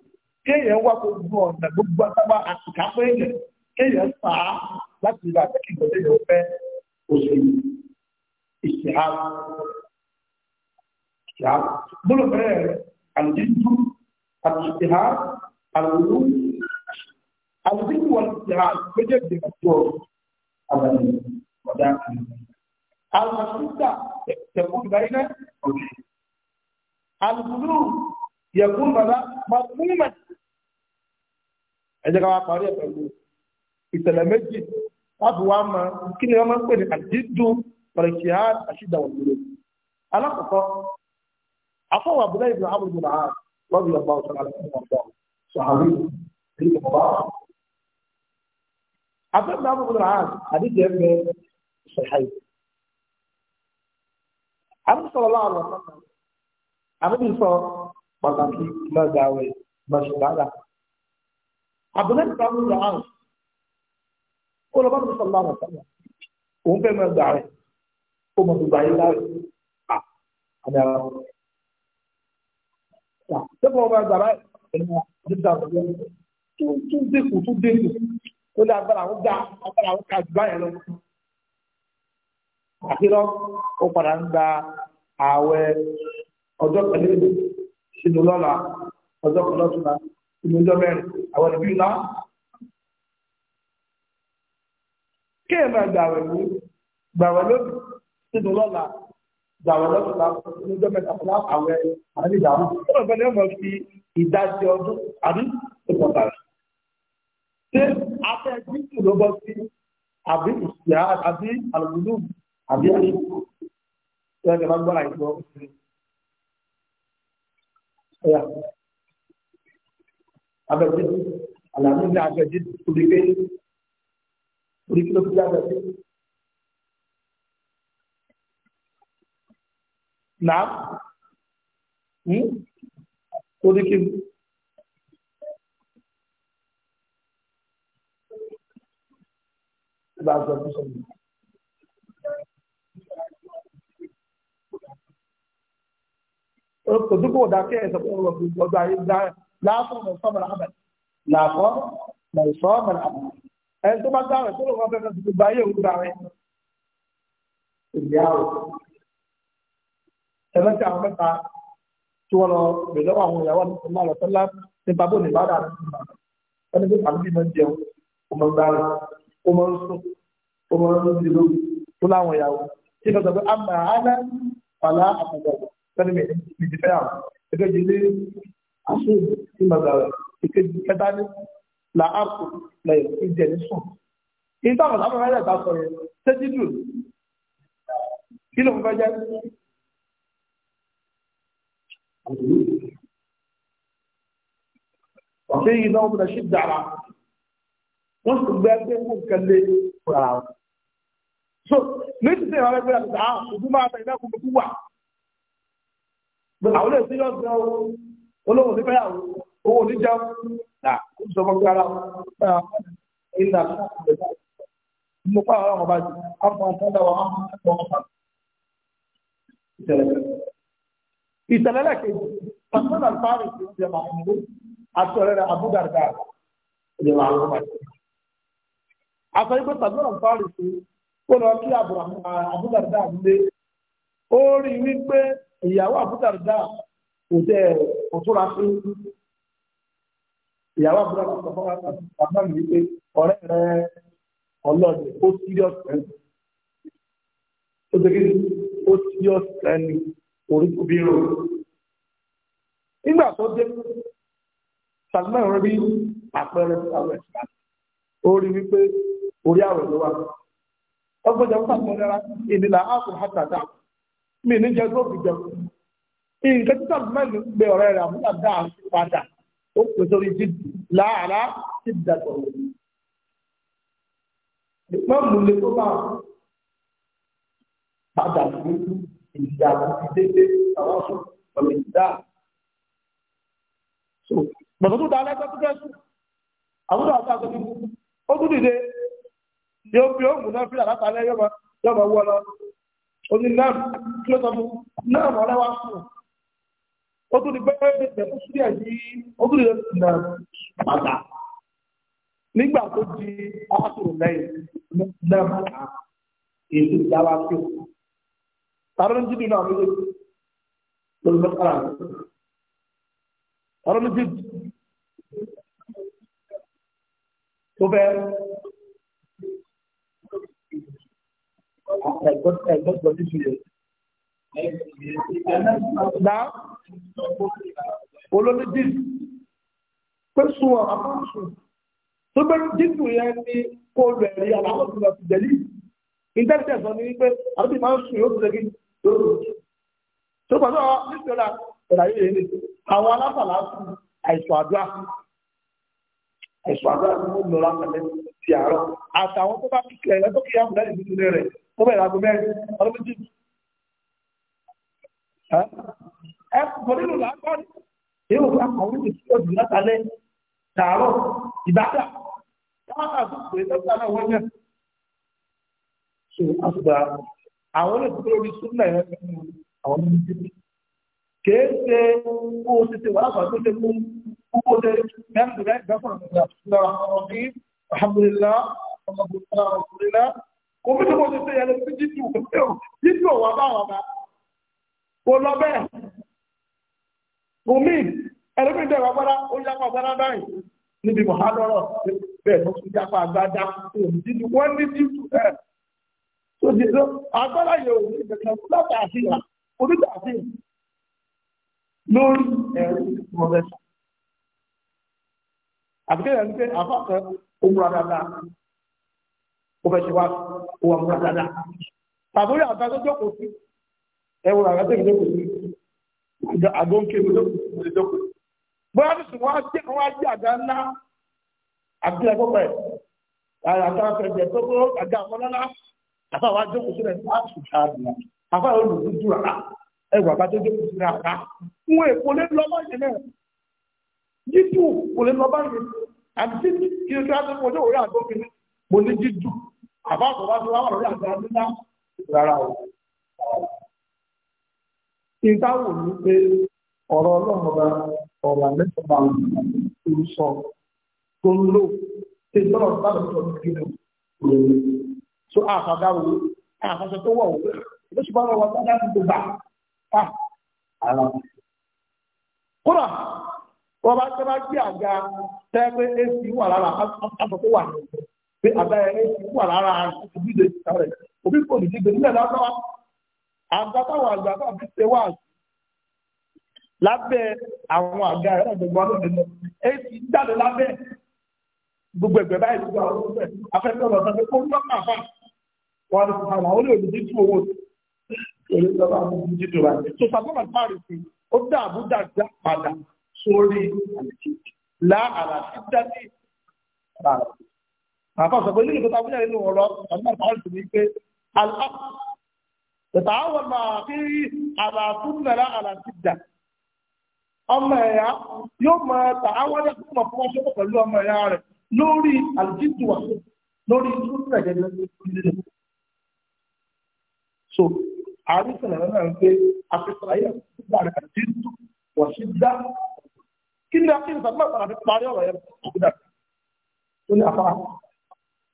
Kéèyàn wá tó gbọ́ ọ̀nà gbogbo àtàwà àtìká pé kéèyàn fà á láti ìlú àtẹ́kì ìgbọ̀dé yóò fẹ́ òṣèlú. Ìṣèhá. Ìṣèhá. Bólú bẹ́ẹ̀ àlùjẹ́ الاجتهاد العلوم العلم والاجتهاد بجد الدور أبدا ولكن المشدة تكون بين الغلو يكون هذا مضموما ẹjẹ ká wá parí ẹ pẹ̀lú ìṣẹ̀lẹ̀ méjì láti wá mọ̀ kí ni wọn máa ń pè ní àdídú pẹrẹkìá àṣìdá òdòdó alákọọkọ afọwọ abúlé ìbùrọ àbùrù bùrọ ààrẹ رضي الله تعالى عنه وارضاه صحابي حديث مبارك عبد الله بن العاص حديث ابن الصحيحين عبد صلى الله عليه وسلم عبد صلى pàtàkì lọ́gàwé mọ̀ṣúlára. Àbúlé ìta ń lọ àrùn. Ó lọ bá mi sọ̀rọ̀ àwọn ọ̀sán. Òun fẹ́ mọ ẹgbàá rẹ̀. Ó mọ gbogbo ayé láàrin. Àmì àwọn ọ̀rọ̀ sẹ́kọ̀ọ́ ọba gbàrà ẹ̀yìn àdébíta ọ̀gbẹ́ tún dẹ́kù tún dẹ́kù ó lé agbára ó ga agbára ó ka jù báyẹn lọ. àti lọ ó padà ń gba ààwẹ̀ ọjọ́ pẹ̀lú sínú lọ́la ọjọ́ pẹ̀lú ọ̀túnla sínú ọjọ́ mẹ́rin àwọn ẹ̀bí ńlá. kéèmà gbàwẹ̀ ló gbàwẹ̀ ló sínú lọ́la gbàwọ́ lọ́sọ̀tà ọjọ́ mẹ́ta fún àwẹ̀ àti ìdààmú tó lọ́gbọ́n ni wọ́n mọ̀ fi ìdajì ọdún àbí ìpọ̀tà rẹ̀. ṣé afẹ́ jíjù ló bọ́ sí àbí ìṣìyà àbí àlùmílù àbí àyíkú tó ẹgbẹ́ bá gbọ́ra ìgbọ́ abẹ́ jíjù àlàmú ní abẹ́ jíjù torí ló fi jáde sí. náà torí hmm? kí bá a sọ fún sọ yìí. Òdúkò dákẹ́ ẹ̀sọ̀ fún ọ̀rọ̀ ọjọ́ ayé láàfọ̀ ọ̀rọ̀ sọ́mọ̀lá àbẹ̀. Làfọ̀ ọ̀rọ̀ sọ́mọ̀lá àbẹ̀. Ẹni tó bá dáwẹ̀ tó lọ́wọ́ fẹ́ fẹ́ tuntun gba ayé òun gbà rẹ̀. Ìyá rẹ̀ ẹ̀rọ àwọn mẹ́ta tí wọ́n lọ bè lọ́wọ́ àwọn ìyàwó àti ìmọ̀ àlọ́ sọ́lá nípa bó ní ìbára àti ìmọ̀ ẹni pé àbí máa ń jẹun ó ń gbára ó ń sùn ó ń di lóru tó láwọn ìyàwó tí ìfẹ́ sọ pé àmà àná pàlà àtàgbà sẹ́ni mi ní ti fẹ́ àwọn èkejì ní aṣọ ìmọ̀gbà rẹ̀ èkejì kẹta ní là á kù lẹ́yìn ìjẹ ní sùn. ìtàn àbúrò rẹ̀ والجلود وفيه نوع من الشدة على العقل وسط الباب ممكن ليه على العقل méjì sí ìrànlẹ́ gbéra ti dáa ògùn máa tẹ̀lé ẹ̀kú gbogbo wà. àwọn èsì yóò sọ olówó ní fẹ́yàwó owó ní jẹun nà kó sọ fún gbára ìlà mo pa àwọn ọmọ bá jù àwọn ọmọ ọmọ ọmọ ọmọ ọmọ ọmọ ọmọ ìṣẹ̀lẹ̀ kejì Salman al-Farisi ń jẹ màmúlò àtọ̀rẹ́ rẹ̀ Abu Darda ìjẹ màmúlò àtọ̀rẹ́ pé Salman al-Farisi ó lọ kí Abu Darda lé ó rí wípé ìyàwó Abu Darda kò tẹ òtúra sí ìyàwó Abu Darda sọ fún Salman wípé ọ̀rẹ́ rẹ̀ ọlọ́ọ̀ni ó serious ẹni ó serious ẹni orúkú bírò nígbà tó dé Salman rí àpẹẹrẹ àwọn ẹ̀sìn ó rí wípé orí àwẹ̀ ló wà ọgbọ́n jẹun sàpọ̀ rárá ìdílà áàpù hàtàtà mi ní jẹ tó fi jẹun nǹkan tí Salman gbé ọ̀rẹ́ rẹ̀ àbúrò dáa padà ó pè sórí jíjì láàrá ti dàgbọ̀ wò ìpọ́nmù lè tó bá padà fún ìjà àti dédé àwọn sùn ọ̀rọ̀ ìdá. Bọ̀dọ̀ tó dáa lẹ́gbẹ́ tó fẹ́ sùn, àwọn ọ̀dọ́ àti àgbẹ̀ tuntun, ó tún dìde, yóò fi oògùn náà fílà látàlẹ́ yóò máa wọ́ lọ. O ní náà kí ló sọ fún náà mọ̀ lẹ́wà sùn. Ó tún di pé ẹgbẹ́ tó sùn díẹ̀ sí ó tún dìde náà pàtà. Nígbà tó di aṣọ lẹ́yìn náà pàtà, èyí tó dáwà sí òkú tààrọ́ níbi náà mi lórí mẹ́tàlá tààrọ́ níbi tó fẹ́ ẹ̀gbọ́n ẹ̀gbọ́n gbọ́n ní ìṣúlẹ̀. Dá olóní jíìsì pé sùn ọ̀ àpá sùn tó gbé jíìsì yẹn ní kó rẹ̀ rí aláwọ̀ tó lọ sí jẹ̀lí. Ìjẹ́sẹ̀ sọ ni wípé àbí máa ń sùn yóò tó lè kí tó pàtó nítorí ọ̀rọ̀ ayé yẹn ni àwọn aláfàlà fún àìsàn àdúrà àìsàn àdúrà fún ọmọ lọ́la pẹ̀lẹ́ ti àárọ̀ àtàwọn tó bá kíkẹ́ ẹ̀ lọ́tọ́ kí á múlẹ̀ ìdí ilé rẹ̀ tó bẹ̀rẹ̀ aago mẹ́rin ọdún méjì. ẹ kò nínú làákọ́ ni èyí ò fún àwọn oníṣẹ́ tí yóò dùn látàlẹ́ tààrọ̀ ìbádà táwọn àtúntò ìtọ́jú àná wọ́n yẹn. so àtúgbà àwọn olóòtú tó lórí súnmọ́ ẹ̀rọ ti mú àwọn ọmọ ìdílé kìí ṣe kó o ti ṣe wàhálà kan tó ṣe mú kókó ṣe mẹ́rin rẹ̀ gbẹ́fọ̀n nígbà lọ́wọ́ àwọn ọmọ yìí alhamdulillah ọmọ gbogbo àwọn ọmọ ìlà omi tó kó o ti ṣe yẹn lórí jíjù jíjù wà bá wà bá kó lọ bẹ́ẹ̀ omi ẹlẹ́gbẹ̀ẹ́ ìjọba gbọ́dá ó yápa gbọ́dá báyìí níbi mọ̀hálọ́rọ̀ bẹ́ẹ̀ ló ti yápa gbádá tó ti tó agbára yóò ní ìgbẹ̀kan láti àfihàn onígbà àfihàn lórí ẹ̀rọ ìfọ̀mọ́fẹ́sà. àbíkẹ́yà ń pẹ́ àfáàkọ́ ohun àdàdà ó fẹ́ ṣe wá ohun àdàdà tàbórí àtàkọ́jọ́ kò sí ẹwọ àgbàtẹ́ ìdókò sí àgọ́ǹkè ìdókò bóyá tó sùn wọ́n á jẹ́ àga ńlá àbí ẹgbọ́pẹ́ àtàkọ́jẹ́ tó kó àga ọ̀pọ̀lọ́lá àfa wa jókòó sílẹ̀ ní àṣùkà àbùnà àfa yóò lùdú jù rà ẹwà bá tó jókòó sílẹ̀ àbá wọn èkó lé lọ báyìí náà jíjù kò lè lọ báyìí àti títí kí n tó yá tó mo ní òwe àgbófin mo ní jíjù àfa kò bá tó wà lórí àgbà nílá rárá o. ìdáwò ni pé ọ̀rọ̀ ọlọ́run ọba ọ̀rọ̀ àlẹ́sọ̀rọ̀ àwọn olùsọ tó ń lò ṣe tọ́lọ̀ bá lọ́sọ̀rọ̀ kí so àfàdáwò àfàṣọ tó wọ̀ wọ́n ló ṣùgbọ́n ọ̀rọ̀ wọn dáadáa ti gbà á ara kúrò wọ́n bá tẹ́ bá gbé àga tẹ́ pé ac wà lára aṣọ tó wà pé àbẹ́ ac wà lára òbí lè sàrẹ̀ òbí kò ní ti gbé nílẹ̀ lọ́wọ́ àga táwọn àgbà náà fi ṣe wá lábẹ́ àwọn àga ẹ̀rọ ìgbọ̀ngbọ̀n lónìí lọ ac jáde lábẹ́ gbogbo ẹgbẹ́ báyìí gbogbo àwọn ọmọ ẹgbẹ́ afẹ́fẹ́ ọ̀rọ̀ kó ń lọ́kàn àfáà wọ́n ní sùpàmù àwọn olóòdì títú owó èrè lọ́wọ́ àwọn ìdí tó rà ní. sọ́sà bọ́mà pààrọ̀ sí ó dá àbúdá dá padà sórí àlejò lá àlàsí dání rárá. àpá sọ̀gbọ́n nínú ìfọ̀tà abúlé nínú ọ̀rọ̀ àbúdá pààrọ̀ sí ni pé àlá tètè àwọn máa fi àlàtún nàrà àlàsí dà ọmọ ẹ̀yà yóò máa tà àwọn ẹ̀yà fún ọmọ fún ọmọ pẹ̀lú ọmọ ẹ̀yà rẹ̀ lórí àlùjíjù wà lórí túnbẹ̀ jẹ́ so àárín ìṣẹ̀lẹ̀ náà ń pé àfihàn gbàrà tí ń tún wọ̀ sí dá kí ni àti ìṣàtúmọ̀ àtàrà fi parí ọ̀rọ̀ yẹn kó dà tó ní àfa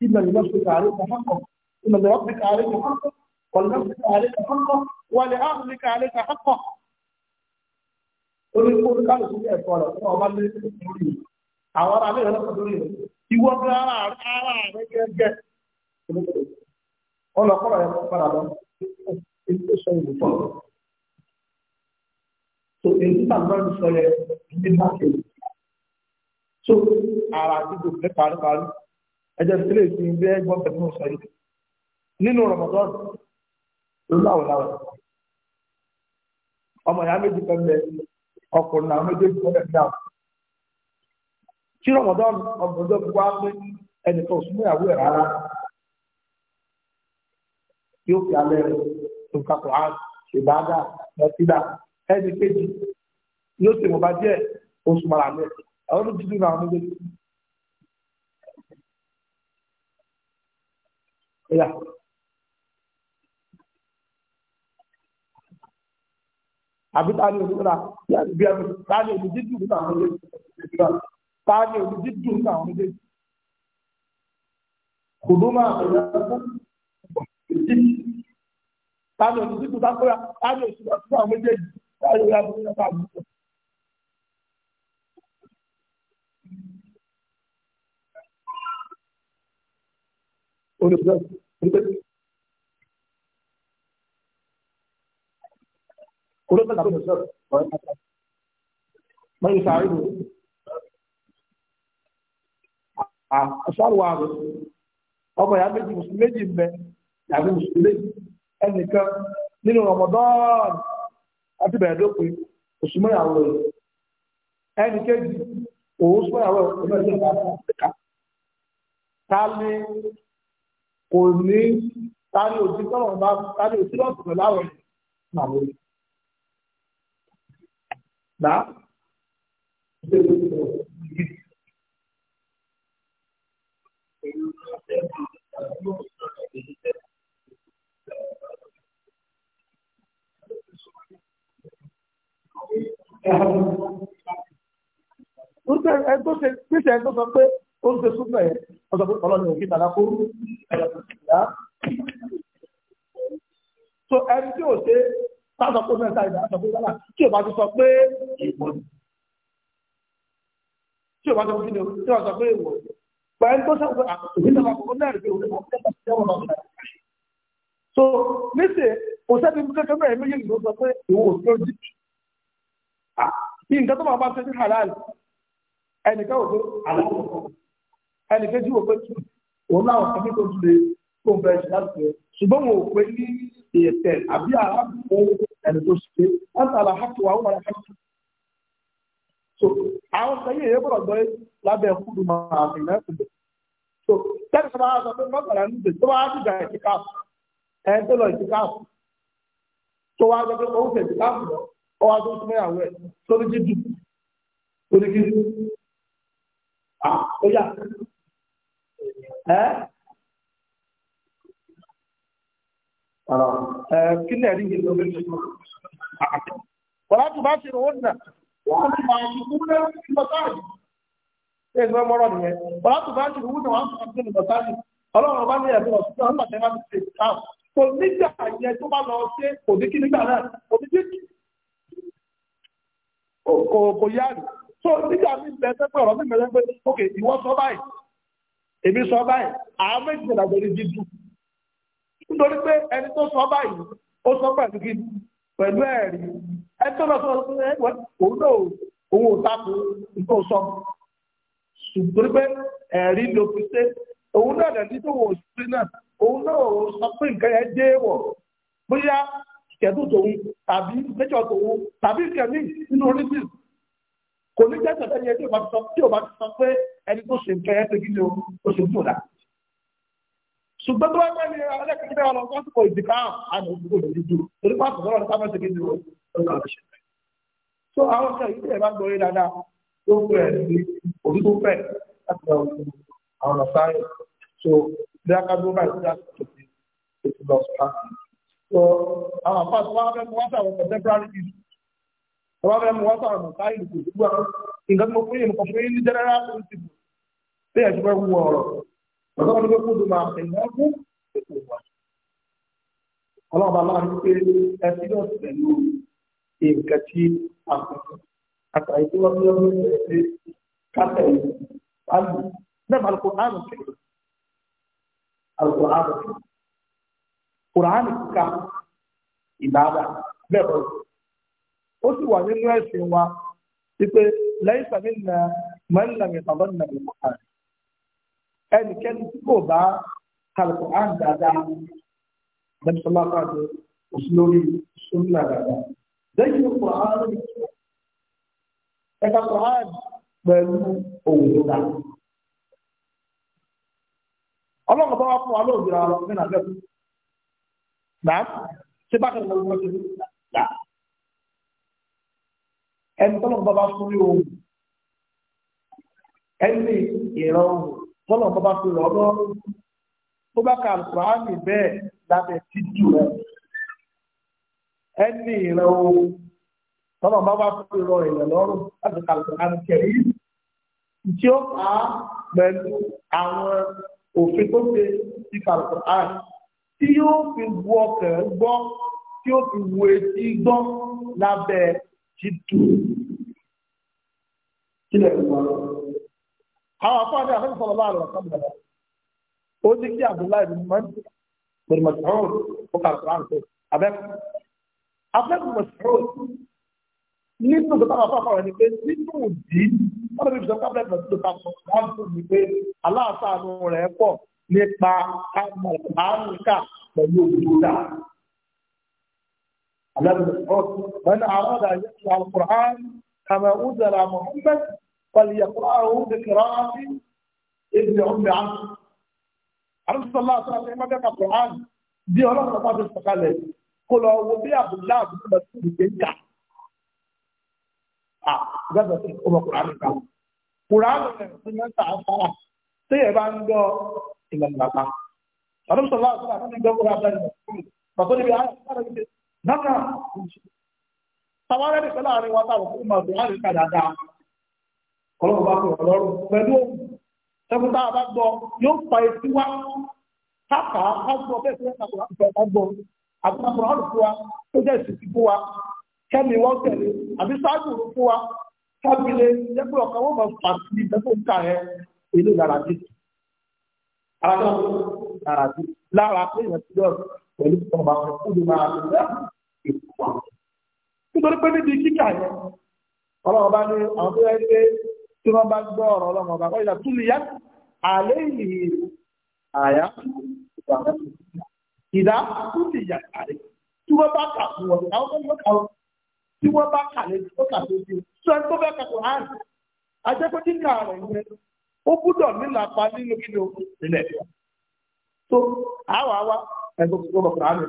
ìmọ̀ ìmọ̀ sí kàárín ìṣàkọ̀ ìmọ̀ ìmọ̀ sí kàárín ìṣàkọ̀ ọ̀nà sí kàárín ìṣàkọ̀ wọlé áhùn ní kàárín ìṣàkọ̀ orí kó kálukú ní ẹ̀kọ́ rẹ̀ fún ọba lórí lórí àwọn ará lórí ọlọ́pàá lórí rẹ̀ ìwọ bí ara rẹ̀ gẹ́gẹ́ ọlọ́pàá rẹ̀ padà lọ èyí tó so èyí tí bàbá mi sọ yẹ ní bákẹ́ yìí. so ara àti gbogbo ní paríparí ẹjẹ sílẹ̀ sí ilé ẹgbọ́n pẹ̀lú ọ̀sọ yìí. nínú Ramadan ló láwọ̀ láwọ̀ ọmọ ìyá méjì kan bẹ ọkùnrin àwọn méjèèjì kan bẹ dáhùn tí Ramadan ọgbọ̀njọ́ gbogbo á pé ẹnìkan ò súnmọ́ ìyàwó ẹ̀ rárá yóò fi alẹ́ rẹ̀ tó ka kò án ìbáàdà mọ̀tídà ẹni kejì yóò tẹ̀ wọ́n bá díẹ̀ oṣù mara mẹ́ àwọn olùdíjú náà ní gbèsè. Yeah. àbí tani olùdíjúra bí ẹnu tani olùdíjú nípa àwọn ọmọdé tani olùdíjú nípa àwọn ọmọdé kùdùmá àgbẹ̀yà fún èyí o òṣìṣẹ́ tó dákúrà táwọn òṣìṣẹ́ tó dákúrà méjèèjì táwọn òṣìṣẹ́ tó dákúrà méjèèjì. Olùkọ́ tàbí ìṣòro ọ̀rẹ́ pàtàkì. Mọ̀nyí sàárè lò. Àṣàrò àrò. Ọmọ ìyá méjì méjì ń yàtọ̀ mùsùlùmí ẹnìkan nínú Ramadan àti bẹ̀rẹ̀ dópin rẹ̀ ẹnì kejì òun oṣù mẹ́yàwó rẹ̀ ọmọ ìlú ìlú tálí kò ní tálí òjì tọ́lọ̀ bá tálí òjì lọ́sùn pẹ̀lú àwọn rẹ̀ gbà Thank you. Ẹ̀tọ́ ṣe pèsè ẹ̀tọ́ sọ pé ó ń ṣe súnmọ̀ ẹ̀ ọ̀sọ̀ pé ọlọ́ni òkè tàbí kó rú ẹ̀yà. So ẹni tí ò ṣe sáàsọ̀ pé mẹ́ta ìdá sọ pé yálà tí ò bá ti sọ pé ìwọ̀ ni. Tí ò bá sọ pé kíni o, tí ò sọ pé ìwọ̀ ni. Pẹ̀lú tó sọ pé àkùnrin náà kò náà rí òun náà kò tẹ̀sán wọn So níṣẹ́ kò kékeré mẹ́rin méjèèjì ló sọ pé ìwọ̀ òṣèlú kí nǹkan tó máa bá ṣe sí halal ẹnìkan ò pé halal ẹnìkan jí wò pé òun láwọn kan tó tún lè tó ń bẹ̀rẹ̀ sí láti rẹ̀ ṣùgbọ́n wọn ò pé ní ìyẹ̀tẹ̀ àbí arábìnrin ẹni tó ṣe látara hàkì wà wọn hàkì. so àwọn sẹ́yìn èyí gbọ́dọ̀ gbọ́ lábẹ́ kúrú máa fi mẹ́sìn bẹ̀. so tẹ́lẹ̀ sọ máa sọ pé mọ́tàlá ń bẹ̀ tó wáá dìgbà ìtìkáàfù ẹ̀ tó lọ ìtìkáàfù tó wáá sọ pé òun fẹ̀ ìtìkáàfù lọ ọ wá tó ń súnmọ́ ìyàwó ẹ̀ sórí jíjù orí kí ó yà ẹ́ kí ni ẹ̀rí yìí ló fi ṣe wọ́n tún bá ṣe owó nà wọ́n tún máa ṣe kú ní mọ́sáàjì ṣé ìgbẹ́ mọ́rọ̀ nìyẹn wọ́n tún bá ṣe owó nà wọ́n tún máa ṣe ní mọ́sáàjì ọlọ́run ọba ní ẹ̀sìn ọ̀sùn náà nígbà tí wọ́n ṣe ìta kò nígbà yẹn tó bá lọ ṣe kò ní kí nígbà náà kò ní kí kò yáàdì so nígbà mí bẹ̀rẹ̀ pé ọ̀rọ̀ mi bẹ̀rẹ̀ pé ok ìwọ sọ báyìí èmi sọ báyìí àwọn méjì náà lórí jíjú nítorí pé ẹni tó sọ báyìí ó sọ kí ẹni tó lọ sọ pé òun náà òun ò tako sọ pé ló fi ṣe òun náà tó náà òun náà sọ pé nǹkan yẹn dé bóyá kẹtù tòun tàbí méjọ tòun tàbí kẹmí nínú oríṣi kò ní jẹ́sẹ̀ lẹ́yìn ẹni tí ò bá ti sọ pé ẹni tó ṣe nǹkan ẹ̀ tẹ́gí ni ó ṣe tó dà. ṣùgbọ́n tó wá pẹ́ ní ẹlẹ́kẹ̀kẹ́ náà lọ sọ́sìkò ìdìkà àmì òṣùgbò lòdì ju torí pàṣẹ sọ́rọ̀ ní sábẹ́ tẹ́gí ni ó kàwé ṣe. tó àwọn ọ̀sẹ̀ yìí tẹ̀ bá gbọ́ yé dáadáa tó fẹ́ sí so àwọn àpáàtì wọn fẹ́ mú wá sí àwọn contemporary issues wọn fẹ́ mú wá sí àwọn mọ̀sáì lùkù gbogbo àwọn nǹkan tí mo fún yìí mo kàn fún yìí ní general principle bí ẹ̀ ṣe fẹ́ wú ọ̀rọ̀ ọ̀sán wọn ló fẹ́ kó dùn máa tẹ̀lé ọkùn ètò ìwà ọlọ́ọ̀bá láàrin pé ẹ sí lọ sí pẹ̀lú nǹkan tí a kò sọ àtàrí tí wọ́n fi ọdún rẹ̀ pé kásẹ̀ yìí bá lù náà bá lù kó àrùn kẹ̀lé àrùn kẹ̀lé kùránì kíkà ìbáàdà bẹ́ẹ̀ bọ́ ó sì wà nínú ẹ̀sìn wa wípé lẹ́yìn sàmì nà mọ́nìlàmì ìtàbọ̀n nà mí kọ́kà ẹnikẹ́ni tí kò bá kàlùkù án dáadáa lẹ́yìn sọ́lá fàdé òsì lórí sunna dáadáa lẹ́yìn kùránì ẹ̀ka kùránì pẹ̀lú òwò dáadáa ọlọ́run bá wà fún wa lóòjì ara lọ nínú àgbẹ̀kùn. Nàá ṣé bákan náà lọ́wọ́ ṣe dá. Ẹni tọ́lọ̀ bá bá fún ní ohun. Ẹni ìran tọ́lọ̀ bá bá fún ní ọ̀rọ̀. Tó bá ka Àlùkùránì bẹ́ẹ̀ lábẹ́ títù rẹ̀. Ẹni ìran ohun tọ́lọ̀ bá bá fún ní ọ̀rọ̀ ìrẹ̀ lọ́rùn láti ka Àlùkùránì tí yóò fi wu ọkàn gbọ́ tí yóò fi wu etí gbọ́ lábẹ́ títù kílẹ̀ ìwọ̀n. àwọn afọ́nà àfẹ́sọ̀ sọ̀rọ̀ láàrin ọ̀sán bẹ̀rẹ̀ ó ní kí Abdullahi bin mọ́tò bin mọ́tò ó kà sọ̀rọ̀ àǹtẹ̀ abẹ́kù abẹ́kù mọ́tò nínú tó táwọn afọ́fọ́ rẹ̀ ni pé nínú òdì wọ́n lè fi sọ pé abẹ́kù mọ́tò tó ta pọ̀ wọ́n tún ní pé aláàtàánú rẹ̀ pọ̀ nípa àmọ̀tàmùkà pẹ̀lú òdòdó. من أراد أن يقرأ القرآن كما أنزل محمد فليقرأه بقراءة ابن أم عمرو. عرفت الله تعالى ما كان القرآن دي ولا ما في السكالة bí abdullahi illallah Alaihi Wasallam nanti jauh dari Betul dia ah, ada gitu. Naka. Tawara di kala ari wata ko ma do ari ka dada. Kalau ba ko Ọlọ́run pẹ̀lú tẹ́kùn tá a bá gbọ́ yóò fa etí wá káàkà á gbọ́ bẹ́ẹ̀ fún ẹ̀ka kòrán fún ẹ̀ka gbọ́ àbúrò kòrán fún wa tó jẹ́ ìsìnkú fún wa kẹ́mi wọ́n ara náà tààrà sí lára pé èèyàn ti lọ pẹ̀lú ọba wọn kó lè máa lè dá èkó wa. nítorí pé níbi kíkà yẹn ọlọ́run bá ní àwọn tó yẹ pé tí wọ́n bá gbọ́ ọ̀rọ̀ ọlọ́run ọba kọ́jà tún lè yá àlẹ́ yìí àyà ìdá tún lè yá àlẹ́ tí wọ́n bá kà fún wọn àwọn tó yọ kà wọn tí wọ́n bá kà lé tó kà tó ó gbúdọ̀ nílapa nínú kí ni o nílẹ̀ tó àwa wa ẹgbẹ́ kókó lọ fún àárẹ̀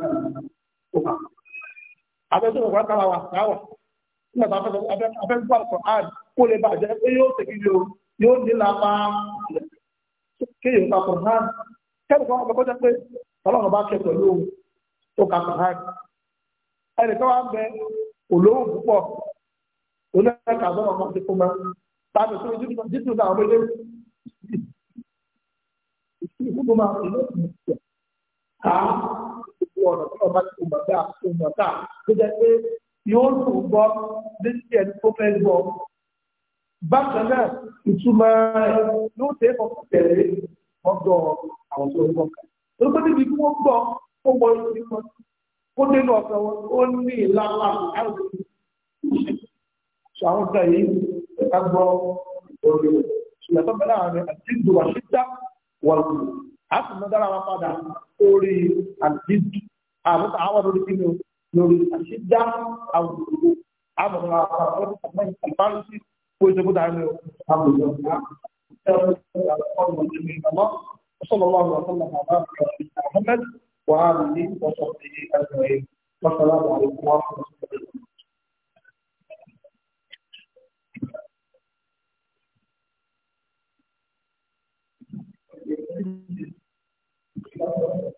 tó kà abẹ́tò lọ fún àkàrà wa káwà nígbà tá a fẹ́ gbọ́ àkọ́ àárẹ̀ kó lè bàjẹ́ pé yóò tẹ̀kí ni o yóò nílapa kéèyàn ká kọ̀ náà kẹ́nìkan ọmọ kọjá pé ọlọ́run bá kẹ pẹ̀lú ohun tó ka kọ̀ náà ẹnìkan wá bẹ olówó púpọ̀ oníkàkà lọ́rọ̀ ìlú máa fi ló ti tẹ̀ ká gbogbo ọ̀nà tí ọba ti kùmọ̀ dá kùmọ̀ dá tó jẹ́ pé yóò dùn gbọ́ ní ti ẹni tó fẹ́ gbọ́. bákan náà ìtumọ̀ yóò tẹ́ ọkọ̀ tẹ̀lé ọ̀dọ̀ àwọn tó ń bọ̀ ká. tó gbé wọ́n gbọ́ ó wọ ìlú wọn kó dénú ọ̀sán wọn ó ní ìlànà àwọn àwọn ọ̀gá yìí ẹ̀ka gbọ́ ìtọ́jú ìyàtọ̀ wọ́lù a sì mọ dára wa padà orí àdídù àwọn àwọn lórí kí ni lórí àṣídá àwọn òdòdó àwọn ọmọ àwọn ọmọ ọmọ ìbánisí kó ìjọba dàrí o àwọn òdòdó وصلى الله وسلم على محمد وعلى اله وصحبه اجمعين والسلام عليكم ورحمه الله Thank you.